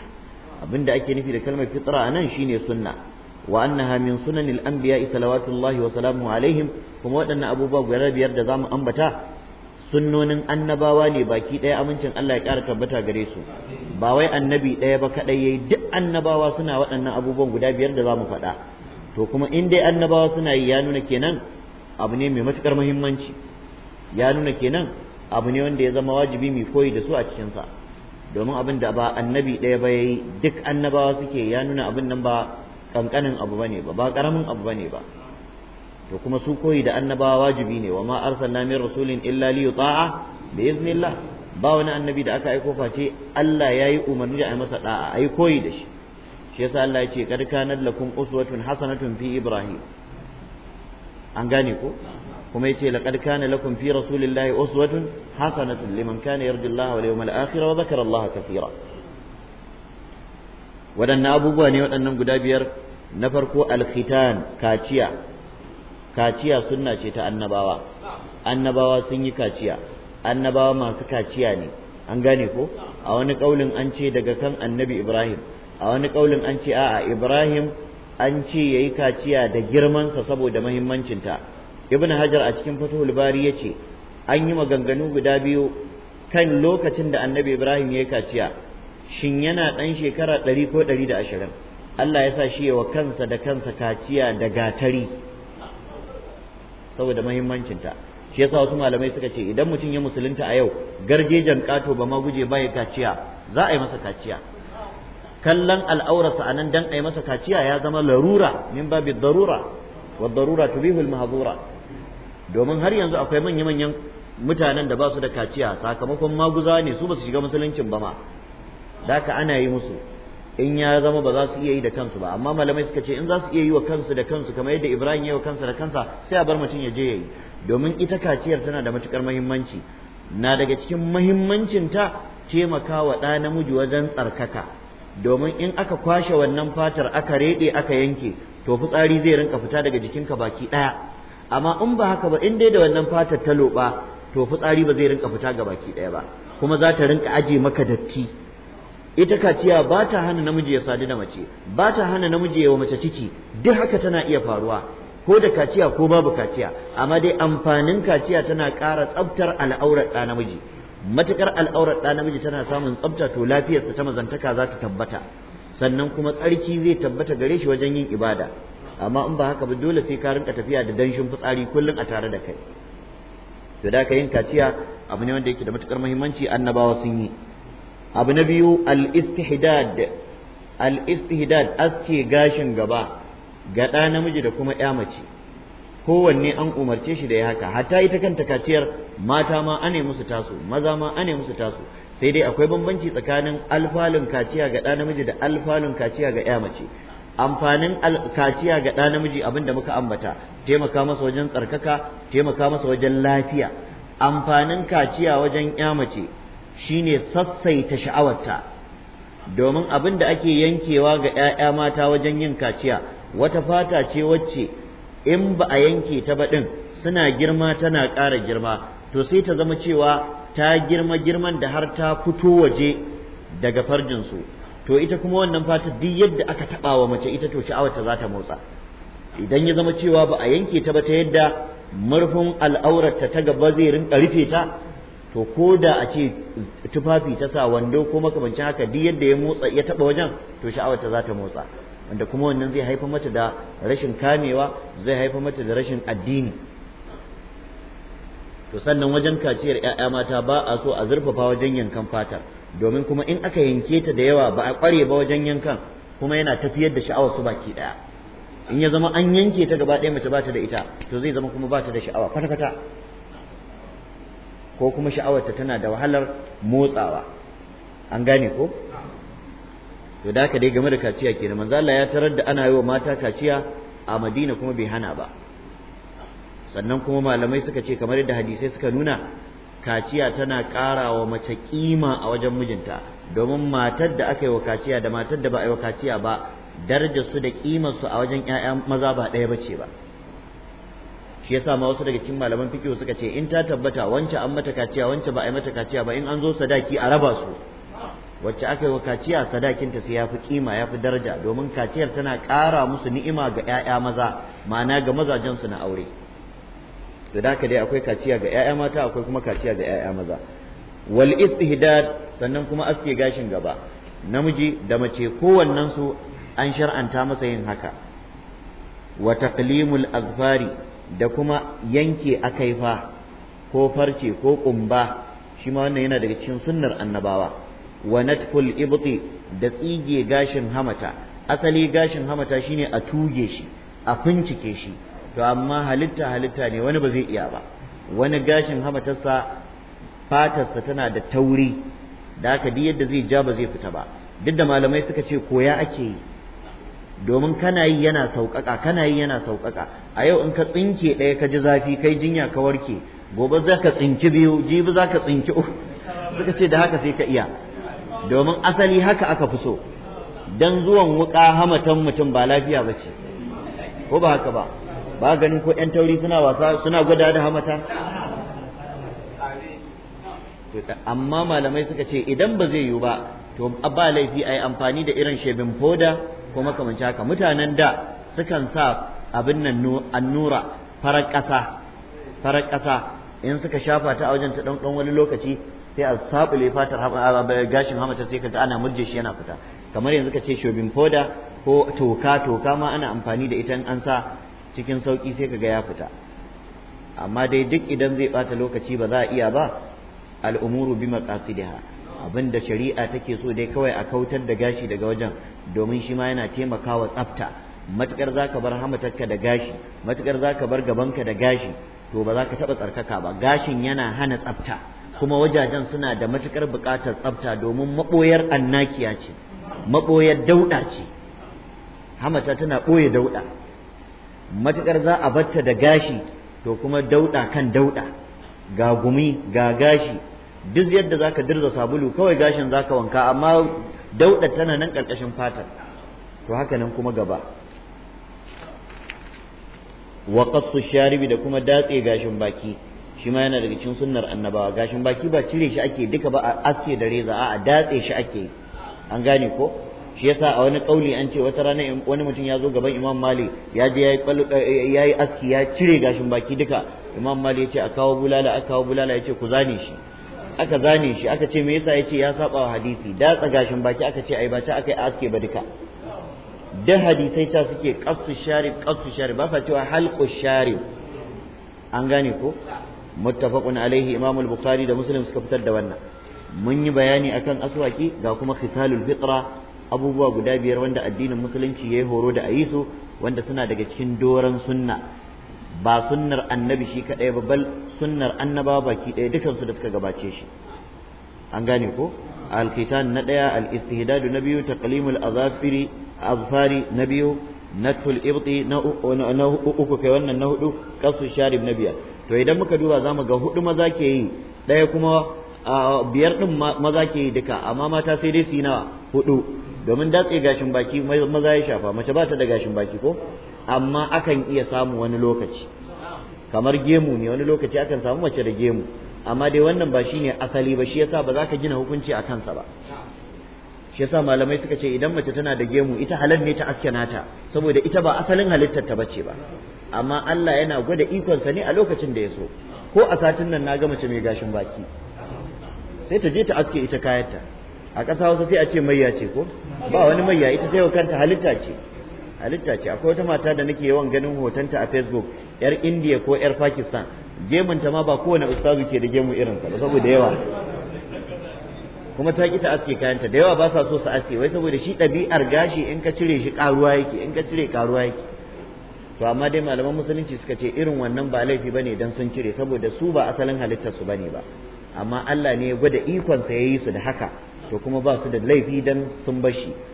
[SPEAKER 1] abinda ake nufi da kalmar fitra anan shine sunna wa annaha min sunanil anbiya salawatullahi wa salamuhu alaihim kuma waɗannan abubuwa guda biyar da zamu ambata sunnonin annabawa ne baki ɗaya amincin Allah ya ƙara tabbata gare su ba wai annabi ɗaya ba kaɗai yayi duk annabawa suna waɗannan abubuwan guda biyar da za mu faɗa to kuma in dai annabawa suna yi ya nuna kenan abu ne mai matuƙar muhimmanci ya nuna kenan abu ne wanda ya zama wajibi mai koyi da su a cikinsa domin abin da ba annabi ɗaya ba yayi duk annabawa suke ya nuna abin nan ba ƙanƙanin abu bane ba ba ƙaramin abu bane ba to kuma su koyi da annabawa wajibi ne wa ma arsalna min rasulin illa li yuta'a bi iznillah ba wani annabi da aka aiko face Allah yayi umarni da ai masa da'a ai koyi da shi shi yasa Allah ya ce kad kanat lakum uswatun hasanatun fi ibrahim an gane ko kuma yace laqad kana lakum fi rasulillahi uswatun hasanatun liman kana yarjullaha wal yawmal akhir wa dhakara Allah kathira waɗannan abubuwa ne waɗannan guda biyar na farko alkhitan kaciya kaciya sunna ce ta annabawa annabawa sun yi kaciya annabawa masu kaciya ne an gane ko a wani kaulin an ce daga kan annabi ibrahim a wani kaulin an ce a'a ibrahim an ce yayi kaciya da girmansa saboda mahimmancinta ibn hajar a cikin fathul bari yace ce an yi maganganu guda biyu kan lokacin da annabi ibrahim ya yi kaciya shin yana ɗan shekara ɗari ko ɗari da ashirin allah ya sa shi wa kansa da kansa kaciya da gatari saboda mahimmancinta shi yasa wasu malamai suka ce idan mutum ya musulunta a yau garjejen kato ba ma guje ba ya kaciya za a yi masa kaciya kallon al'aurarsa a nan dan a yi masa kaciya ya zama larura min babi darura wa darura tubihul mahzura domin har yanzu akwai manya manyan mutanen da ba su da kaciya sakamakon maguza ne su ba su shiga musuluncin ba ma da ana yi musu in ya zama ba za su iya yi da kansu ba amma malamai suka ce in za su iya yi wa kansu da kansu kamar yadda Ibrahim ya yi wa kansa da kansa sai a bar mutum ya je ya yi domin ita kaciyar tana da matukar mahimmanci na daga cikin mahimmancinta ta taimaka wa ɗa namiji wajen tsarkaka domin in aka kwashe wannan fatar aka reɗe aka yanke to fitsari zai rinka fita daga jikinka baki ɗaya amma in ba haka ba in dai da wannan fatar ta loɓa to fitsari ba zai rinka fita ga baki ɗaya ba kuma za ta rinka aje maka datti ita kaciya ba ta hana namiji ya sadu da mace ba ta hana namiji ya wa mace ciki duk haka tana iya faruwa ko da kaciya ko babu kaciya amma dai amfanin kaciya tana ƙara tsabtar al'aurar ɗa namiji matukar al'aurar ɗa namiji tana samun tsabta to lafiyarsa ta mazantaka za ta tabbata sannan kuma tsarki zai tabbata gare shi wajen yin ibada amma in ba haka ba dole sai ka rinka tafiya da danshin fitsari kullum a tare da kai to da ka yin kaciya abu ne wanda yake da matukar muhimmanci annabawa sun yi abu na biyu al-istihdad al-istihdad aske gashin gaba ga ɗa namiji da kuma ya mace kowanne an umarce shi da ya haka Hata ita kanta kaciyar mata ma ane musu tasu maza ma ane musu tasu sai dai akwai bambanci tsakanin alfalun kaciya ga ɗa namiji da alfalun kaciya ga ya mace amfanin kaciya ga ɗa namiji abin da muka ambata taimaka masa wajen tsarkaka taimaka masa wajen lafiya amfanin kaciya wajen ya mace shine sassaita sha'awarta domin abin da ake yankewa ga 'ya'ya mata wajen yin kaciya wata fata ce wacce in ba a yanke ta ba ɗin suna girma tana ƙara girma to sai ta zama cewa ta girma girman da har ta fito waje daga farjinsu to ita kuma wannan fata duk yadda aka taɓa wa mace ita to sha'awarta za ta motsa idan ya zama cewa ba a yanke ta ba ta yadda murfin al'aurarta ta gaba zai rinka rufe ta to ko da a ce tufafi ta sa wando ko makamancin haka duk yadda ya motsa ya taba wajen to sha'awar ta za ta motsa wanda kuma wannan zai haifar mata da rashin kamewa zai haifar mata da rashin addini to sannan wajen kaciyar 'ya'ya mata ba a so a zurfafa wajen yankan fata domin kuma in aka yanke ta da yawa ba a kware ba wajen yankan kuma yana tafiyar da sha'awar su baki daya in ya zama an yanke ta gaba ɗaya mace ba ta da ita to zai zama kuma ba ta da sha'awa kwata-kwata ko kuma sha'awarta tana da wahalar motsawa an gane ko to da haka dai game da kaciya kenan manzo Allah ya tarar da ana yi wa mata kaciya a Madina kuma bai hana ba sannan kuma malamai suka ce kamar yadda hadisai suka nuna kaciya tana ƙara wa mace kima a wajen mijinta domin matar da aka yi wa kaciya da matar da ba a yi wa kaciya ba darajar su da kimar su a wajen ƴaƴan maza ba ɗaya bace ba shi yasa ma wasu daga cikin malaman fiqh suka ce in ta tabbata wance an mata kaciya wance ba a mata kaciya ba in an zo sadaki a raba su wacce aka yi wa kaciya sadakin ta sai yafi kima yafi daraja domin kaciyar tana kara musu ni'ima ga 'ya'ya maza ma'ana ga mazajen su na aure to da haka dai akwai kaciya ga 'ya'ya mata akwai kuma kaciya ga 'ya'ya maza wal istihdad sannan kuma aske gashin gaba namiji da mace kowannen su an shar'anta masa yin haka wa taqlimul azfari da kuma yanke akaifa ko farce ko kumba shi ma wannan yana daga cikin sunnar annabawa wa natful ibti da tsige gashin hamata asali gashin hamata shine a tuge shi a fincike shi to amma halitta halitta ne wani ba zai iya ba wani gashin hamatarsa fatarsa tana da tauri da haka duk yadda zai ja ba zai fita ba duk da malamai suka ce koya ake yi domin kana yi yana sauƙaƙa kana yi yana sauƙaƙa a yau in ka tsinke ɗaya ka ji zafi kai jinya ka warke gobe za ka tsinki biyu jibi za ka tsinki uku suka ce da haka sai ka iya domin asali haka aka fi so dan zuwan wuƙa hamatan mutum ba lafiya ba ce ko ba haka ba ba ganin ko 'yan tauri suna wasa suna gwada da hamata amma malamai suka ce idan ba zai yiwu ba to ba laifi a yi amfani da irin shebin foda ko makamanci haka mutanen da sukan sa abin nan annura farar ƙasa farar ƙasa in suka shafa ta a wajen ta ɗan ɗan wani lokaci sai a sabule fatar gashin hamata sai kaga ana murje shi yana fita kamar yanzu ka ce shobin foda ko toka toka ma ana amfani da ita an sa cikin sauki sai kaga ya fita amma dai duk idan zai bata lokaci ba za a iya ba al'umuru bi maqasidiha abin da shari'a take so dai kawai a kautar da gashi daga wajen domin shi ma yana taimakawa tsafta matukar ka bar hamatarka da gashi matukar ka bar gabanka da gashi to ba za ka taɓa tsarkaka ba gashin yana hana tsafta kuma wajajen suna da matukar buƙatar tsafta domin maɓoyar annakiya ce maɓoyar dauɗa ce hamata tana ɓoye dauɗa matukar za a batta da gashi to kuma dauɗa kan dauɗa ga gumi ga gashi duk yadda zaka dirza sabulu kawai gashin zaka wanka amma dauda tana nan karkashin fatar to haka nan kuma gaba wa qassu sharibi da kuma datse gashin baki shi ma yana daga cikin sunnar annabawa gashin baki ba cire shi ake duka ba a aske da reza a datse shi ake an gane ko shi yasa a wani kauli an ce wata rana wani mutum ya zo gaban Imam mali ya je yayi eh, eh, aski ya cire gashin baki duka Imam mali ya ce a kawo bulala a kawo bulala ya ce ku zane shi aka zane shi aka ce me yasa ya ce ya saba wa hadisi da tsagashin baki aka ce ai ba ta yi aske ba duka da hadisai ta suke qasu shari qasu shari ba sa cewa halqu shari an gane ko muttafaqun alaihi imam al-bukhari da muslim suka fitar da wannan mun yi bayani akan aswaki ga kuma khisalul fitra abubuwa guda biyar wanda addinin musulunci ya yi horo da ayisu wanda suna daga cikin doran sunna ba sunnar annabi shi kaɗai ba bal sunnar annaba baki ɗaya dukansu da suka gabace shi an gane ko alkitan na ɗaya al-istihdadu na biyu taqlimul azafiri azfari na biyu natul ibti na uku kai wannan na hudu kasu sharib na biyar to idan muka duba zamu ga hudu maza ke yi ɗaya kuma biyar din maza ke yi duka amma mata sai dai su yi na hudu domin datse gashin baki maza ya shafa mace ba ta da gashin baki ko amma akan iya samu wani lokaci kamar gemu ne wani lokaci akan samu mace da gemu amma dai wannan ba shine asali ba shi yasa ba za ka gina hukunci a kansa ba shi yasa malamai suka ce idan mace tana da gemu ita halal ne ta aske nata saboda ita ba asalin halittar ta bace ba amma Allah yana gwada ikon sa ne a lokacin da ya so ko a satin nan na ga mace mai gashin baki sai ta je ta aske ita kayanta a ƙasa wasu sai a ce mayya ce ko ba wani mayya ita sai kanta halitta ce halitta ce akwai wata mata da nake yawan ganin hotonta a facebook yar india ko yar pakistan gemunta ma ba kowane ustazu ke da gemu irinsa ba saboda yawa kuma ta ƙi ta aske kayanta da yawa ba sa so su aske wai saboda shi ɗabi'ar gashi in ka cire shi ƙaruwa yake in ka cire ƙaruwa yake to amma dai malaman musulunci suka ce irin wannan ba laifi bane dan sun cire saboda su ba asalin halittar su bane ba amma Allah ne ya gwada ikon sa yayi su da haka to kuma ba su da laifi dan sun bashi. shi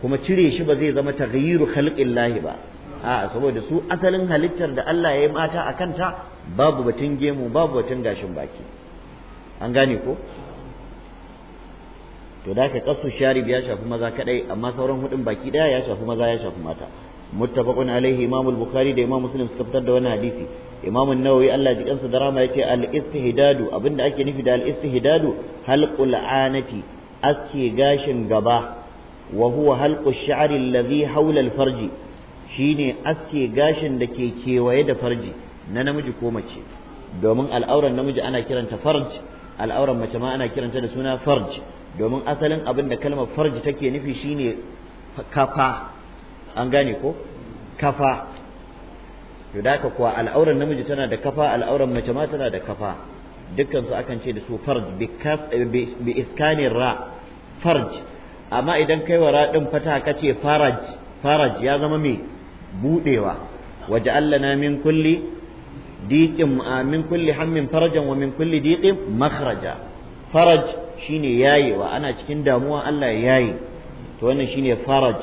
[SPEAKER 1] kuma cire shi ba zai zama khalqin lahi ba a saboda su asalin halittar da Allah ya yi mata a kanta babu batun gemu babu batun gashin baki an gane ko to da ka kasu sharib ya shafi maza kadai amma sauran hudun baki daya ya shafi maza ya shafi mata muttafaqun alaihi imam al-bukhari da imam muslim suka fitar da wani hadisi imam an-nawawi Allah ji kansa da rama yace al-istihdadu abinda ake nufi da al-istihdadu halqul anati aske gashin gaba wa huwa halqu ash haulal farji shine aske gashin da ke kewaye da farji na namiji ko mace domin al'auran namiji ana kiranta farj al'auran mace ana kiranta da suna farj domin asalin abin da kalmar farj take nufi shine kafa an gane ko kafa to kuwa al'auran namiji tana da kafa al'auran mace tana da kafa akan ce da su farj iskanin ra farj amma idan kai wa raɗin fata ka ce faraj faraj ya zama mai buɗewa waje allana min kulli diƙin min kulli hammin farajan wa min kulli diƙin makhraja faraj shine yayewa ana cikin damuwa Allah ya yaye to wannan shine faraj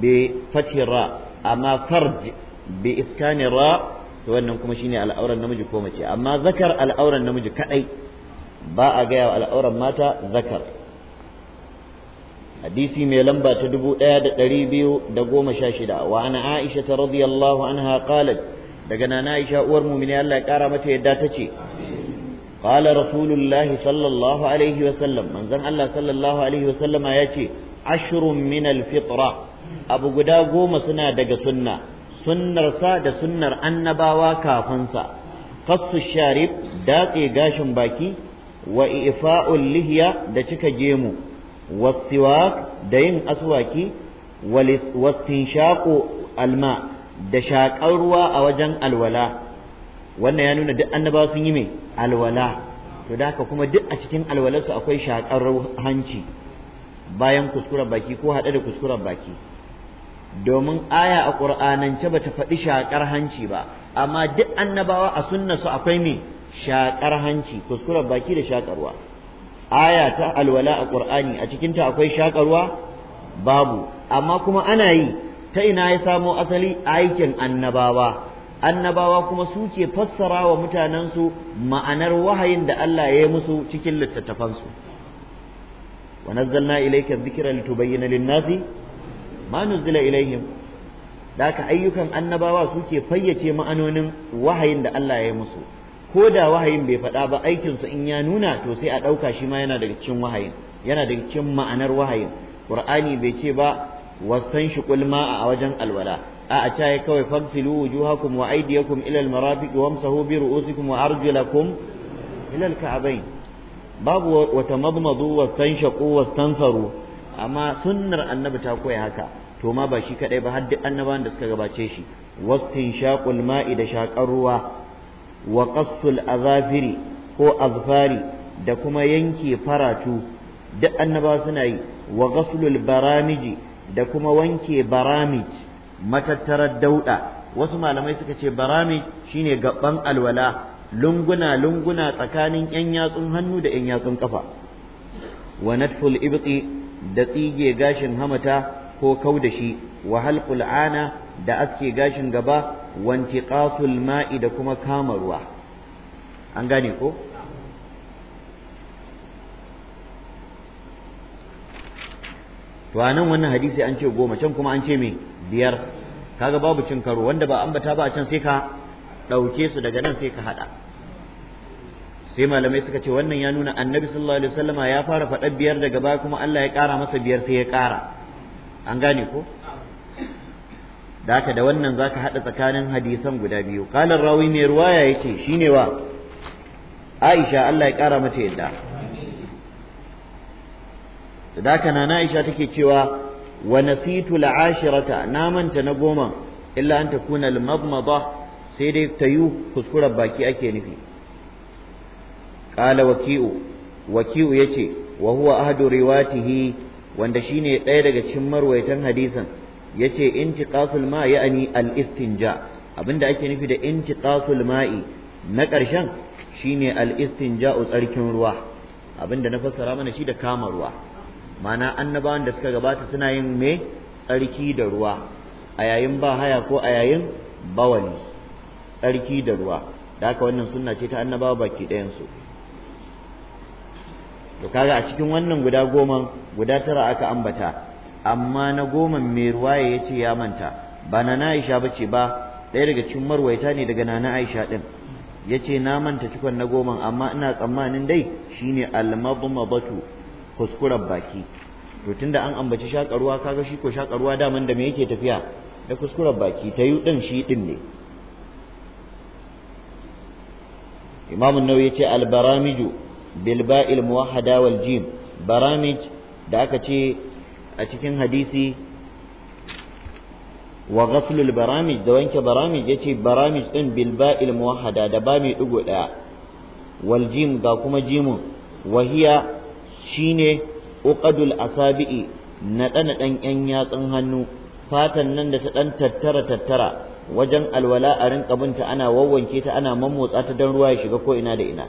[SPEAKER 1] bi fathi ra amma farj bi iskani ra to wannan kuma shine al'auran namiji ko mace amma zakar al'auran namiji kadai ba a gaya wa al'auran mata zakar حديثي ميلمبا تدبو آد قريبيو دقوم شاشدا وعن عائشة رضي الله عنها قالت دقنا نائشة ورمو من الله كارمته يداتتي قال رسول الله صلى الله عليه وسلم من زن الله صلى الله عليه وسلم ياتي عشر من الفطرة أبو قدا قوم سنة دق سنة سنر سادة سنر أنباوا كافنسا قص الشارب داقي قاشم باكي wa ifa'ul lihiya da cika gemu والسواك da yin aswaki الماء alma da shakar ruwa a wannan ya nuna duk annabawa sun yi mai alwala to da haka kuma duk a cikin alwalarsu akwai shakar hanci bayan kuskuren baki ko haɗe da kuskuren baki domin aya a ƙur'anance ba ta faɗi shakar hanci ba amma duk annabawa a sunna su akwai mai shakar hanci kuskuren baki da shakarwa. aya ta alwala a qur'ani a cikinta akwai shakarwa babu amma kuma ana yi ta ina ya samo asali aikin annabawa annabawa kuma su ke fassara wa mutanensu ma'anar wahayin da Allah ya yi musu cikin littattafansu wa nazzalna ilayka dhikra litubayyana lin-nasi ma nuzila ilayhim da ayyukan annabawa su ke fayyace ma'anonin wahayin da Allah ya yi musu ko da wahayin bai faɗa ba aikinsa in ya nuna to sai a ɗauka shi ma yana daga cikin wahayin yana daga cikin ma'anar wahayin qur'ani bai ce ba wastan shi kulma a wajen alwala a a caye kawai fagsilu wujuhakum wa aydiyakum ila almarafiq wamsahu bi ru'usikum wa arjulakum ila alka'bayn babu wata madmadu wastan shaqu wastan saru amma sunnar annabi ta koya haka to ma ba shi kadai ba har duk annabawan da suka gabace shi wastin shaqul ma'i da shaqar ruwa wa qassul azafiri ko azfari da kuma yanke faratu duk annaba suna yi wa ghaslul baramiji da kuma wanke baramij matattarar dauda wasu malamai suka ce baramij shine gaban alwala lunguna lunguna tsakanin yan yatsun hannu da yan yatsun kafa wa ibqi da tsige gashin hamata ko kaudashi wa halqul ana da aske gashin gaba wantiqasul ma'i da kuma kama ruwa an gane ko to anan wannan hadisi an ce goma can kuma an ce me biyar kaga babu cin karo wanda ba ambata ba a can sai ka ɗauke su daga nan sai ka haɗa sai malamai suka ce wannan ya nuna annabi sallallahu alaihi wasallama ya fara faɗa biyar daga baya kuma Allah ya ƙara masa biyar sai ya ƙara an gane ko da haka da wannan ka haɗa tsakanin hadisan guda biyu qala rawi mai ruwaya yace wa Aisha Allah ya kara mata yadda
[SPEAKER 2] da haka nana Aisha take cewa wa nasitu ashirata na manta na goma illa an takuna al-madmada sai dai tayi
[SPEAKER 1] kuskuren baki ake nufi
[SPEAKER 2] qala waki'u waki'u yace wa huwa ahadu riwatihi
[SPEAKER 1] wanda shine ɗaya daga cikin marwayatan hadisan yace intiqasul ma ya'ni al-istinja abinda ake nufi da intiqasul ma'i na ƙarshen shine al-istinja'u tsarkin ruwa abinda na fassara mana shi da kama ruwa mana annabawan da suka gabata suna yin me tsarki da ruwa a yayin ba haya ko a yayin bawali tsarki da ruwa da haka wannan sunna ce ta annabawa baki ɗayan su to kaga a cikin wannan guda goma guda tara aka ambata amma na goma mai ruwaye ya ce ya manta ba na na aisha ba ce ba ɗaya daga cikin marwaita ne daga nana aisha ɗin ya ce na manta cikon na goman amma ina tsammanin dai shine almadmadatu kuskuren baki to tunda an ambaci shakarwa kaga shi ko shakarwa daman da me yake tafiya da kuskuren baki ta yi ɗin shi ɗin ne imamun nawawi ya ce albaramiju bilba'il muwahada wal jim baramij da aka ce a cikin hadisi wa ghaslul baramij da wanke baramij yace baramij din bil ba'il muwahhada da ba mai digo daya wal jim ga kuma jimun wahiya shine uqadul asabi'i na dana yan yatsun hannu fatan nan da ta dan tattara tattara wajen alwala a rinka binta ana wawwanke ta ana mammotsa ta dan ruwa ya shiga ko ina da ina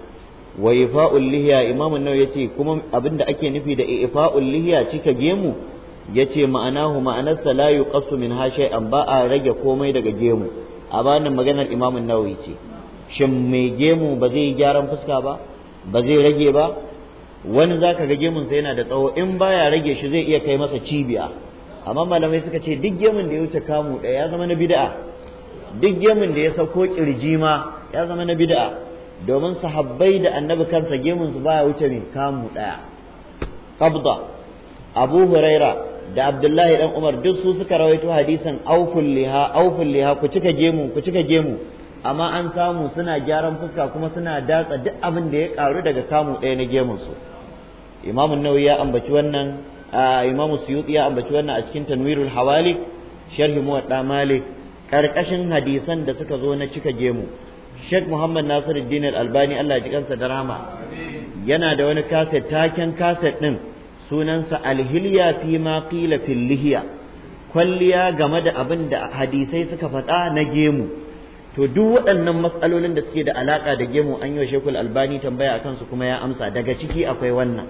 [SPEAKER 1] wa ifa'ul lihiya imam nawawi yace kuma abinda ake nufi da ifa'ul lihiya cika gemu ya yace ma'anahu ma'anarsa la ƙasu min ha an ba a rage komai daga gemu a banin maganar imamun Nawawi ce shin mai gemu ba zai gyaran fuska ba ba zai rage ba wani zaka ga gemun sa yana da tsawo in baya rage shi zai iya kai masa cibiya amma malamai suka ce duk gemun da ya wuce kamu ɗaya ya zama na bid'a duk gemun da ya sauko kirji ma ya zama na bid'a domin sahabbai da annabi kansa gemun su baya wuce ne kamu ɗaya qabda abu huraira da Abdullahi dan Umar duk su suka rawaito hadisin aufun liha aufun liha ku cika gemu ku cika gemu amma an samu suna gyaran fuska kuma suna datsa duk abin da ya karu daga kamu ɗaya na gemun su Imam Nawawi ya ambaci wannan Imam Suyuti ya ambaci wannan a cikin Tanwirul hawali sharhi Muwatta Malik karkashin hadisan da suka zo na cika gemu Sheikh Muhammad Nasiruddin Al-Albani Allah ya ji kansa da rahama yana da wani kaset taken kaset din sunansa alhilya fi ma qila fil lihiya kwalliya game da abin da hadisai suka faɗa na gemu to duk waɗannan matsalolin da suke da alaƙa da gemu an yi wa shekul albani tambaya akan su kuma ya amsa daga ciki akwai wannan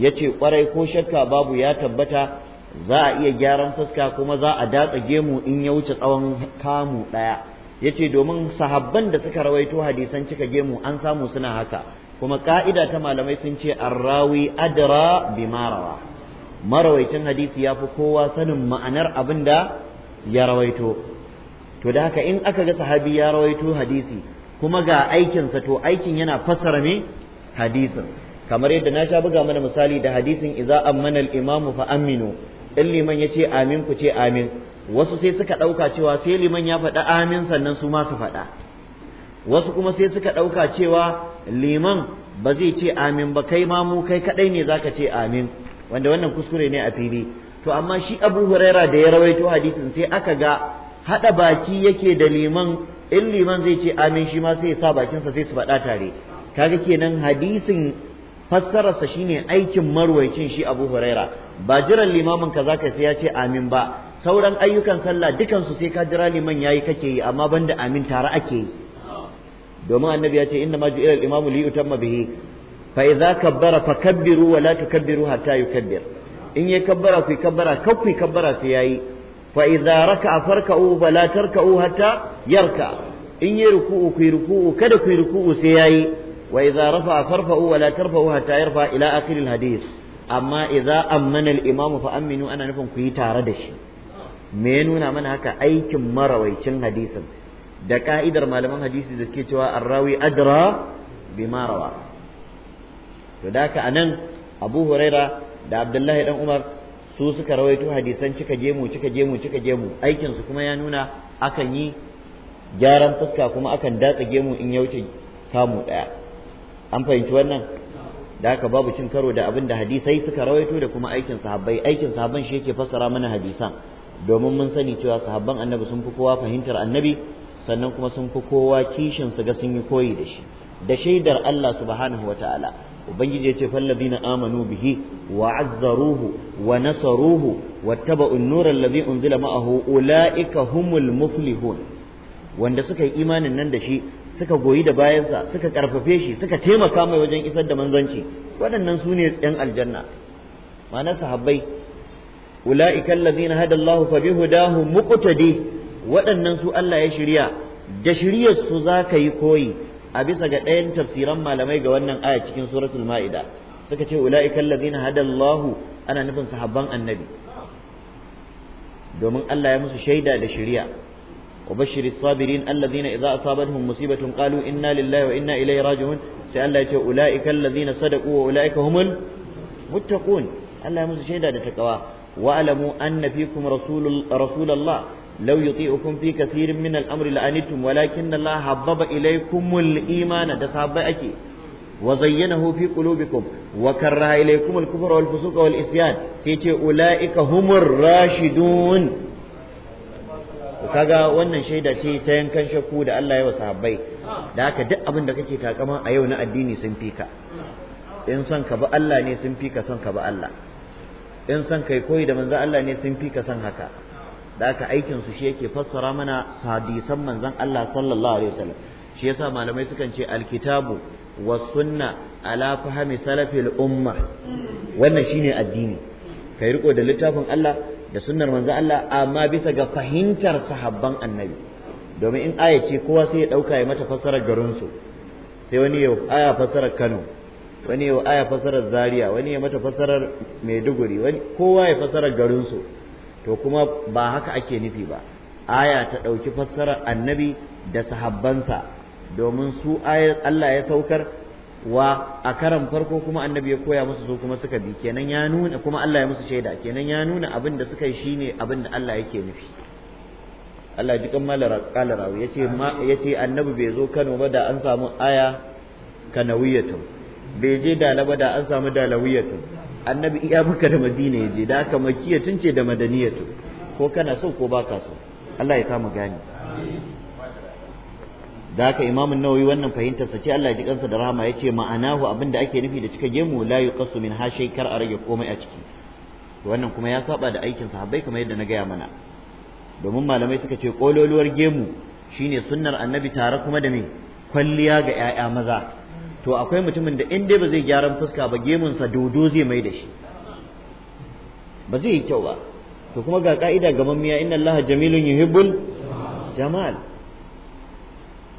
[SPEAKER 1] ya ce ƙwarai ko shakka babu ya tabbata za a iya gyaran fuska kuma za a datsa gemu in ya wuce tsawon kamu ɗaya ya ce domin sahabban da suka rawaito hadisan cika gemu an samu suna haka kuma ka'ida ta malamai sun ce arrawi adra bima rawa marawaitin hadisi ya fi kowa sanin ma'anar abin da ya rawaito to da haka in aka ga sahabi ya rawaito hadisi kuma ga aikinsa to aikin yana fassara me hadisin kamar yadda na sha buga mana misali da hadisin iza ammana al-imamu fa aminu in liman yace amin ku ce amin wasu sai suka ɗauka cewa sai liman ya faɗa amin sannan su ma su faɗa wasu kuma sai suka ɗauka cewa liman ba zai ce amin ba kai ma kai kaɗai ne zaka ce amin wanda wannan kuskure ne a fili to amma shi abu huraira da ya rawaito hadisin sai aka ga haɗa baki yake da liman in liman zai ce amin shi ma sai ya sa bakinsa sai su faɗa tare kaga kenan hadisin fassararsa shi ne aikin marwaicin shi abu huraira ba jiran limamin ka zaka sai ya ce amin ba sauran ayyukan sallah dukansu sai ka jira liman yayi kake yi amma banda amin tare ake yi domin annabi ya ce inna ma ju'ila al-imamu li yutamma bihi fa idza kabbara fakabbiru wa la tukabbiru hatta yukabbir in yayi kabbara ku kabbara kar ku kabbara sai yayi fa idza raka'a farka'u wa la tarka'u hatta yarka in yayi ruku'u ku ruku'u kada ku ruku'u sai yayi wa idza rafa'a farfa'u wa la tarfa'u hatta yarfa ila akhir al-hadith amma idza ammana al-imamu fa aminu ana nufin ku yi tare da shi me ya nuna mana haka aikin marawaicin hadisin da ka'idar malaman hadisi da suke cewa arrawi adra ma rawa to da ka anan Abu Huraira da Abdullahi dan Umar su suka rawaito hadisan cika jemu, cika jemu, cika jemu, aikin su kuma ya nuna akan yi gyaran fuska kuma akan datsa gemu in ya wuce kamu daya an fahimci wannan da haka babu cin karo da abin da hadisai suka rawaito da kuma aikin sahabbai aikin sahabban shi yake fassara mana hadisan domin mun sani cewa sahabban annabi sun fi kowa fahimtar annabi sannan kuma sun fi kowa kishin su ga sun yi koyi da shi da shaidar Allah subhanahu wataala ubangiji yace falladina amanu bihi wa azzaruhu wa nasaruhu wattaba'u an-nura alladhi unzila ma'ahu ulaika humul muflihun wanda suka yi imanin nan da shi suka goyi da bayansa suka karfafe shi suka taimaka mai wajen isar da manzanci waɗannan su ne yan aljanna ma'anar sahabbai ula'ikan lazina hada Allahu fa bihudahu muqtadi waɗannan su Allah ya shirya da shiryar su za ka yi koyi a bisa ga ɗayan tafsiran malamai ga wannan aya cikin suratul ma'ida suka ce ula'ikal ladzina hadallahu ana nufin sahabban annabi domin Allah ya musu shaida da shiriya وبشر الصابرين الذين إذا أصابتهم مصيبة قالوا إنا لله وإنا إليه راجعون سأل الله أولئك الذين صدقوا وأولئك هم المتقون الله يمس شهادة تقوى واعلموا أن فيكم رسول رسول الله لو يطيعكم في كثير من الأمر لأنتم ولكن الله حبب إليكم الإيمان تصحبك وزينه في قلوبكم وكره إليكم الكفر والفسوق والإسيان سيتي أولئك هم الراشدون kaga wannan shaida ce ta yankan shakku da Allah ya wa da haka duk abin da kake takama a yau na addini sun fika in son ka bi Allah ne sun fika son ka bi Allah in son kai koyi da manzo Allah ne sun fika son haka da haka aikin su shi yake fassara mana hadisan manzon Allah sallallahu alaihi wasallam shi yasa malamai sukan ce alkitabu wa sunna ala fahmi salafil umma wannan shine addini kai riko da littafin Allah da sunnar manzon Allah amma bisa ga fahimtar sahabban annabi domin in aya ce kowa sai ya dauka ya mata fassarar garin su sai wani ya aya fassarar Kano wani ya aya fasarar zaria wani ya mata fassarar maiduguri wani kowa ya fasarar garinsu to kuma ba haka ake nufi ba aya ta ɗauki fassarar annabi da sahabbansa domin su ayar Allah ya saukar wa a karan farko kuma annabi ya koya musu su kuma suka bi kenan ya nuna kuma Allah ya musu shaida kenan ya nuna abin da suka yi shine abin da Allah yake nufi Allah ji kan malar kalarawi yace yace annabi bai zo Kano ba da an samu aya kanawiyatu bai je Dalaba da an samu dalawiyatu annabi iya maka da madina ya je da aka makiya tun ce da madaniyatu ko kana so ko baka so Allah ya samu gani da aka imam nawawi wannan fahimtar ce Allah ya ji kansa da rahama ce ma'anahu abinda ake nufi da cika gemu la kasu min hashay kar a rage komai a ciki wannan kuma ya saba da aikin sahabbai kamar yadda na gaya mana domin malamai suka ce kololuwar gemu shine sunnar annabi tare kuma da me kwalliya ga 'ya'ya maza to akwai mutumin da in dai ba zai gyaran fuska ba gemunsa dodo zai mai da shi ba zai yi kyau ba to kuma ga ka'ida ga miya inna allaha jamilun yuhibbul jamal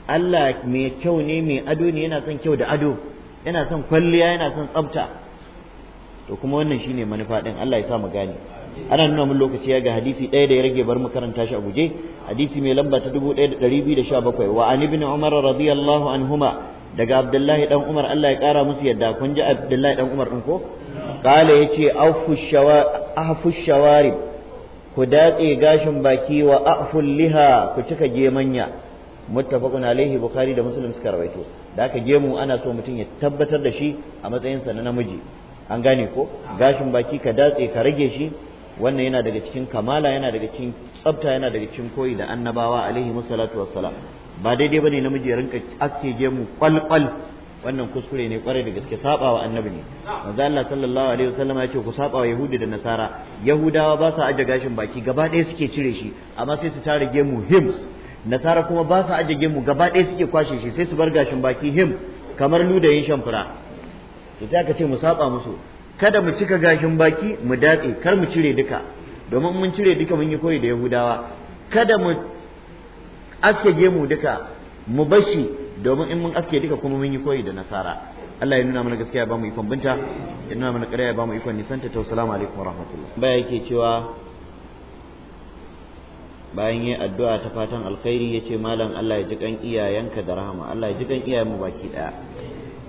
[SPEAKER 1] Allah mai kyau ne mai ado ne yana son kyau da ado yana son kwalliya yana son tsafta to kuma wannan shine manufa din Allah ya sa mu gane ana nuna mun lokaci ya ga hadisi ɗaya da ya rage bar makaranta karanta shi a guje hadisi mai lamba ta 1217 wa an ibn umar radiyallahu anhuma daga Abdullahi dan Umar Allah ya kara musu yadda kun ji Abdullahi dan Umar din ko Kale yace afu shawa afu shawarib ku datse gashin baki wa aful liha ku cika gemanya muttafaqun alaihi bukhari da muslim suka rawaito da aka gemu ana so mutum ya tabbatar da shi a matsayin sa na namiji an gane ko gashin baki ka datse ka rage shi wannan yana daga cikin kamala yana daga cikin tsafta yana daga cikin koyi da annabawa alaihi musallatu wassalam ba daidai bane namiji ya rinka aske gemu kwalkwal wannan kuskure ne kwarai da gaske sabawa annabi ne manzo Allah sallallahu alaihi wasallam ya ce ku sabawa yahudi da nasara yahudawa ba sa aje gashin baki gaba ɗaya suke cire shi amma sai su tare gemu him nasara kuma ba sa aje gemu gaba ɗaya suke kwashe shi sai su bar gashin baki him kamar ludayin shamfura to sai aka ce mu saba musu kada mu cika gashin baki mu datse kar mu cire duka domin mun cire duka mun yi koyi da yahudawa kada mu aske gemu duka mu bashi domin in mun aske duka kuma mun yi koyi da nasara Allah ya nuna mana gaskiya ba mu ikon binta ya nuna mana ƙarya ba mu ikon nisanta ta salamu alaikum wa rahmatullah baya yake cewa bayan yi addu'a ta fatan alkhairi ya ce malam Allah ya ji kan iyayenka da rahama Allah ya ji kan iyayenmu baki ɗaya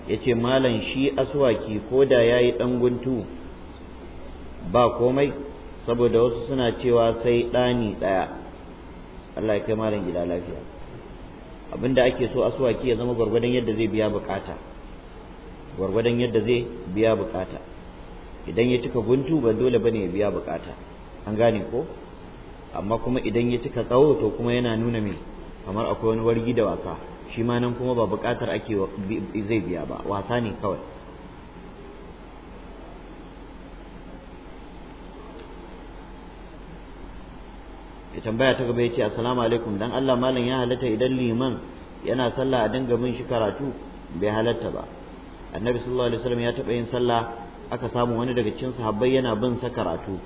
[SPEAKER 1] ya ce malam shi aswaki ko da ya yi ɗan guntu ba komai saboda wasu suna cewa sai ɗani ɗaya Allah ya kai malam gida lafiya abinda ake so asuwaki ya zama gwargwadon yadda zai biya bukata gwargwadon yadda zai biya bukata idan ya cika guntu ba dole bane ya biya bukata an gane ko amma kuma idan ya cika tsawo to kuma yana nuna min kamar akwai wani wargi da wasa shi ma nan kuma ba bukatar ake zai biya ba wasa ne kawai ya tambaya ta gaba yace assalamu alaikum dan Allah malam ya halatta idan liman yana sallah a dinga bin shi karatu bai halatta ba annabi sallallahu alaihi wasallam ya taba yin sallah aka samu wani daga cikin sahabbai yana bin sa karatu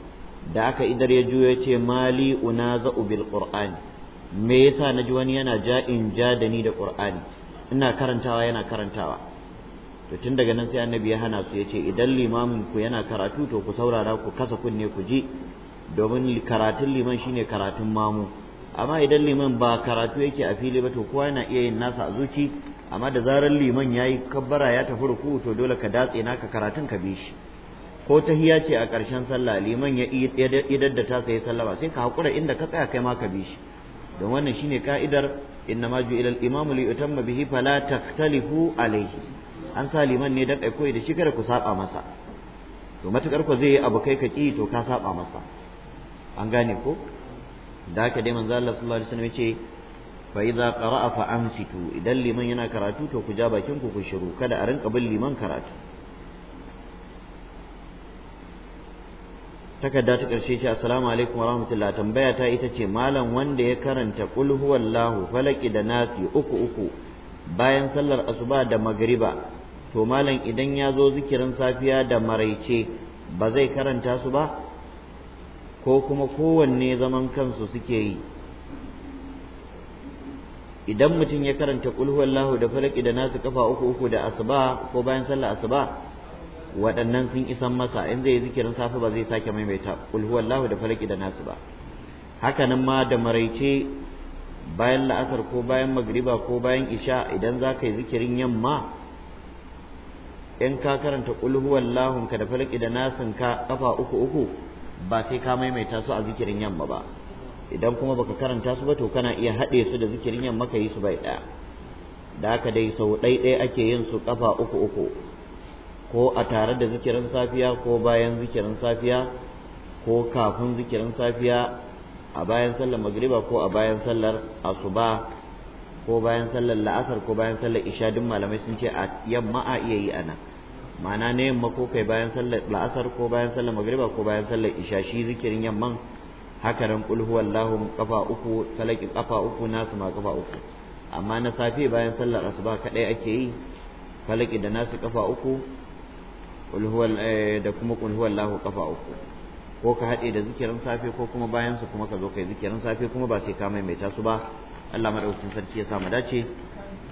[SPEAKER 1] da aka idar ya juyo ya ce mali unaza'u bil qur'an me yasa naji wani yana ja'in ja da ni da qur'ani ina karantawa yana karantawa to tun daga nan sai annabi ya hana su yace idan limamin ku yana karatu to ku saurara ku kasa kunne ku ji domin karatun liman shine karatun mamu amma idan liman ba karatu yake a fili ba to kowa yana iya yin nasa a zuci amma da zarar liman yayi kabbara ya tafi ruku to dole ka datse naka karatun ka bi shi ko tahiya ce a ƙarshen sallah liman ya idar da ta sai sallama sai ka hakura inda ka tsaya kai ma ka bi shi don wannan shine ka'idar innama ju'ila al-imamu li yutamma bihi fala taktalifu alayhi an sa liman ne dan aiko da shi kada ku saba masa to matukar ku zai yi abu kai ka ki to ka saba masa an gane ko da haka dai manzo Allah sallallahu alaihi wasallam yace fa idza qara'a fa amsitu idan liman yana karatu to ku ja bakin ku ku shiru kada a rinka bin liman karatu takarda ta karshe ce assalamu alaikum wa rahmatullah tambaya ta ita ce malam wanda ya karanta qul huwallahu falaki da nasi uku uku bayan sallar asuba da magriba to malam idan ya zo zikirin safiya da maraice ba zai karanta su ba ko kuma kowanne zaman kansu suke yi idan mutum ya karanta Wallahu da falaki da nasu kafa uku uku da asuba ko bayan sallar asuba waɗannan sun isan masa in zai zikirin safe ba zai sake maimaita Wallahu da falaki da nasu ba hakanan ma da maraice bayan la'asar ko bayan magriba ko bayan isha idan za ka yi zikirin yamma in ka karanta kulhuwallahunka da falaki da ka kafa uku uku ba sai ka maimaita su a zikirin yamma ba idan kuma baka karanta su ba to kana iya haɗe su da zikirin yamma ka yi su bai ɗaya da haka dai sau ɗai ɗaiɗai ake yin su ƙafa uku uku ko a tare da zikirin safiya ko bayan zikirin safiya ko kafin zikirin safiya a bayan sallar magriba ko a bayan sallar asuba ko bayan sallar la'asar ko bayan sallar isha duk malamai sun ce a yamma a iya yi nan ma'ana ne yamma ko kai bayan sallar la'asar ko bayan sallar magriba ko bayan sallar isha shi zikirin yamman haka ran qul huwallahu kafa uku talaki kafa uku nasu ma kafa uku amma na safe bayan sallar asuba kadai ake yi falaki da nasu kafa uku qul huwal eh, da kuma qul huwallahu kafa uku ko ka haɗe da zikirin safe ko kuma bayan su kuma ka zo kai zikirin safe kuma ba sai ka maimaita su ba Allah madaukakin sarki ya sa mu dace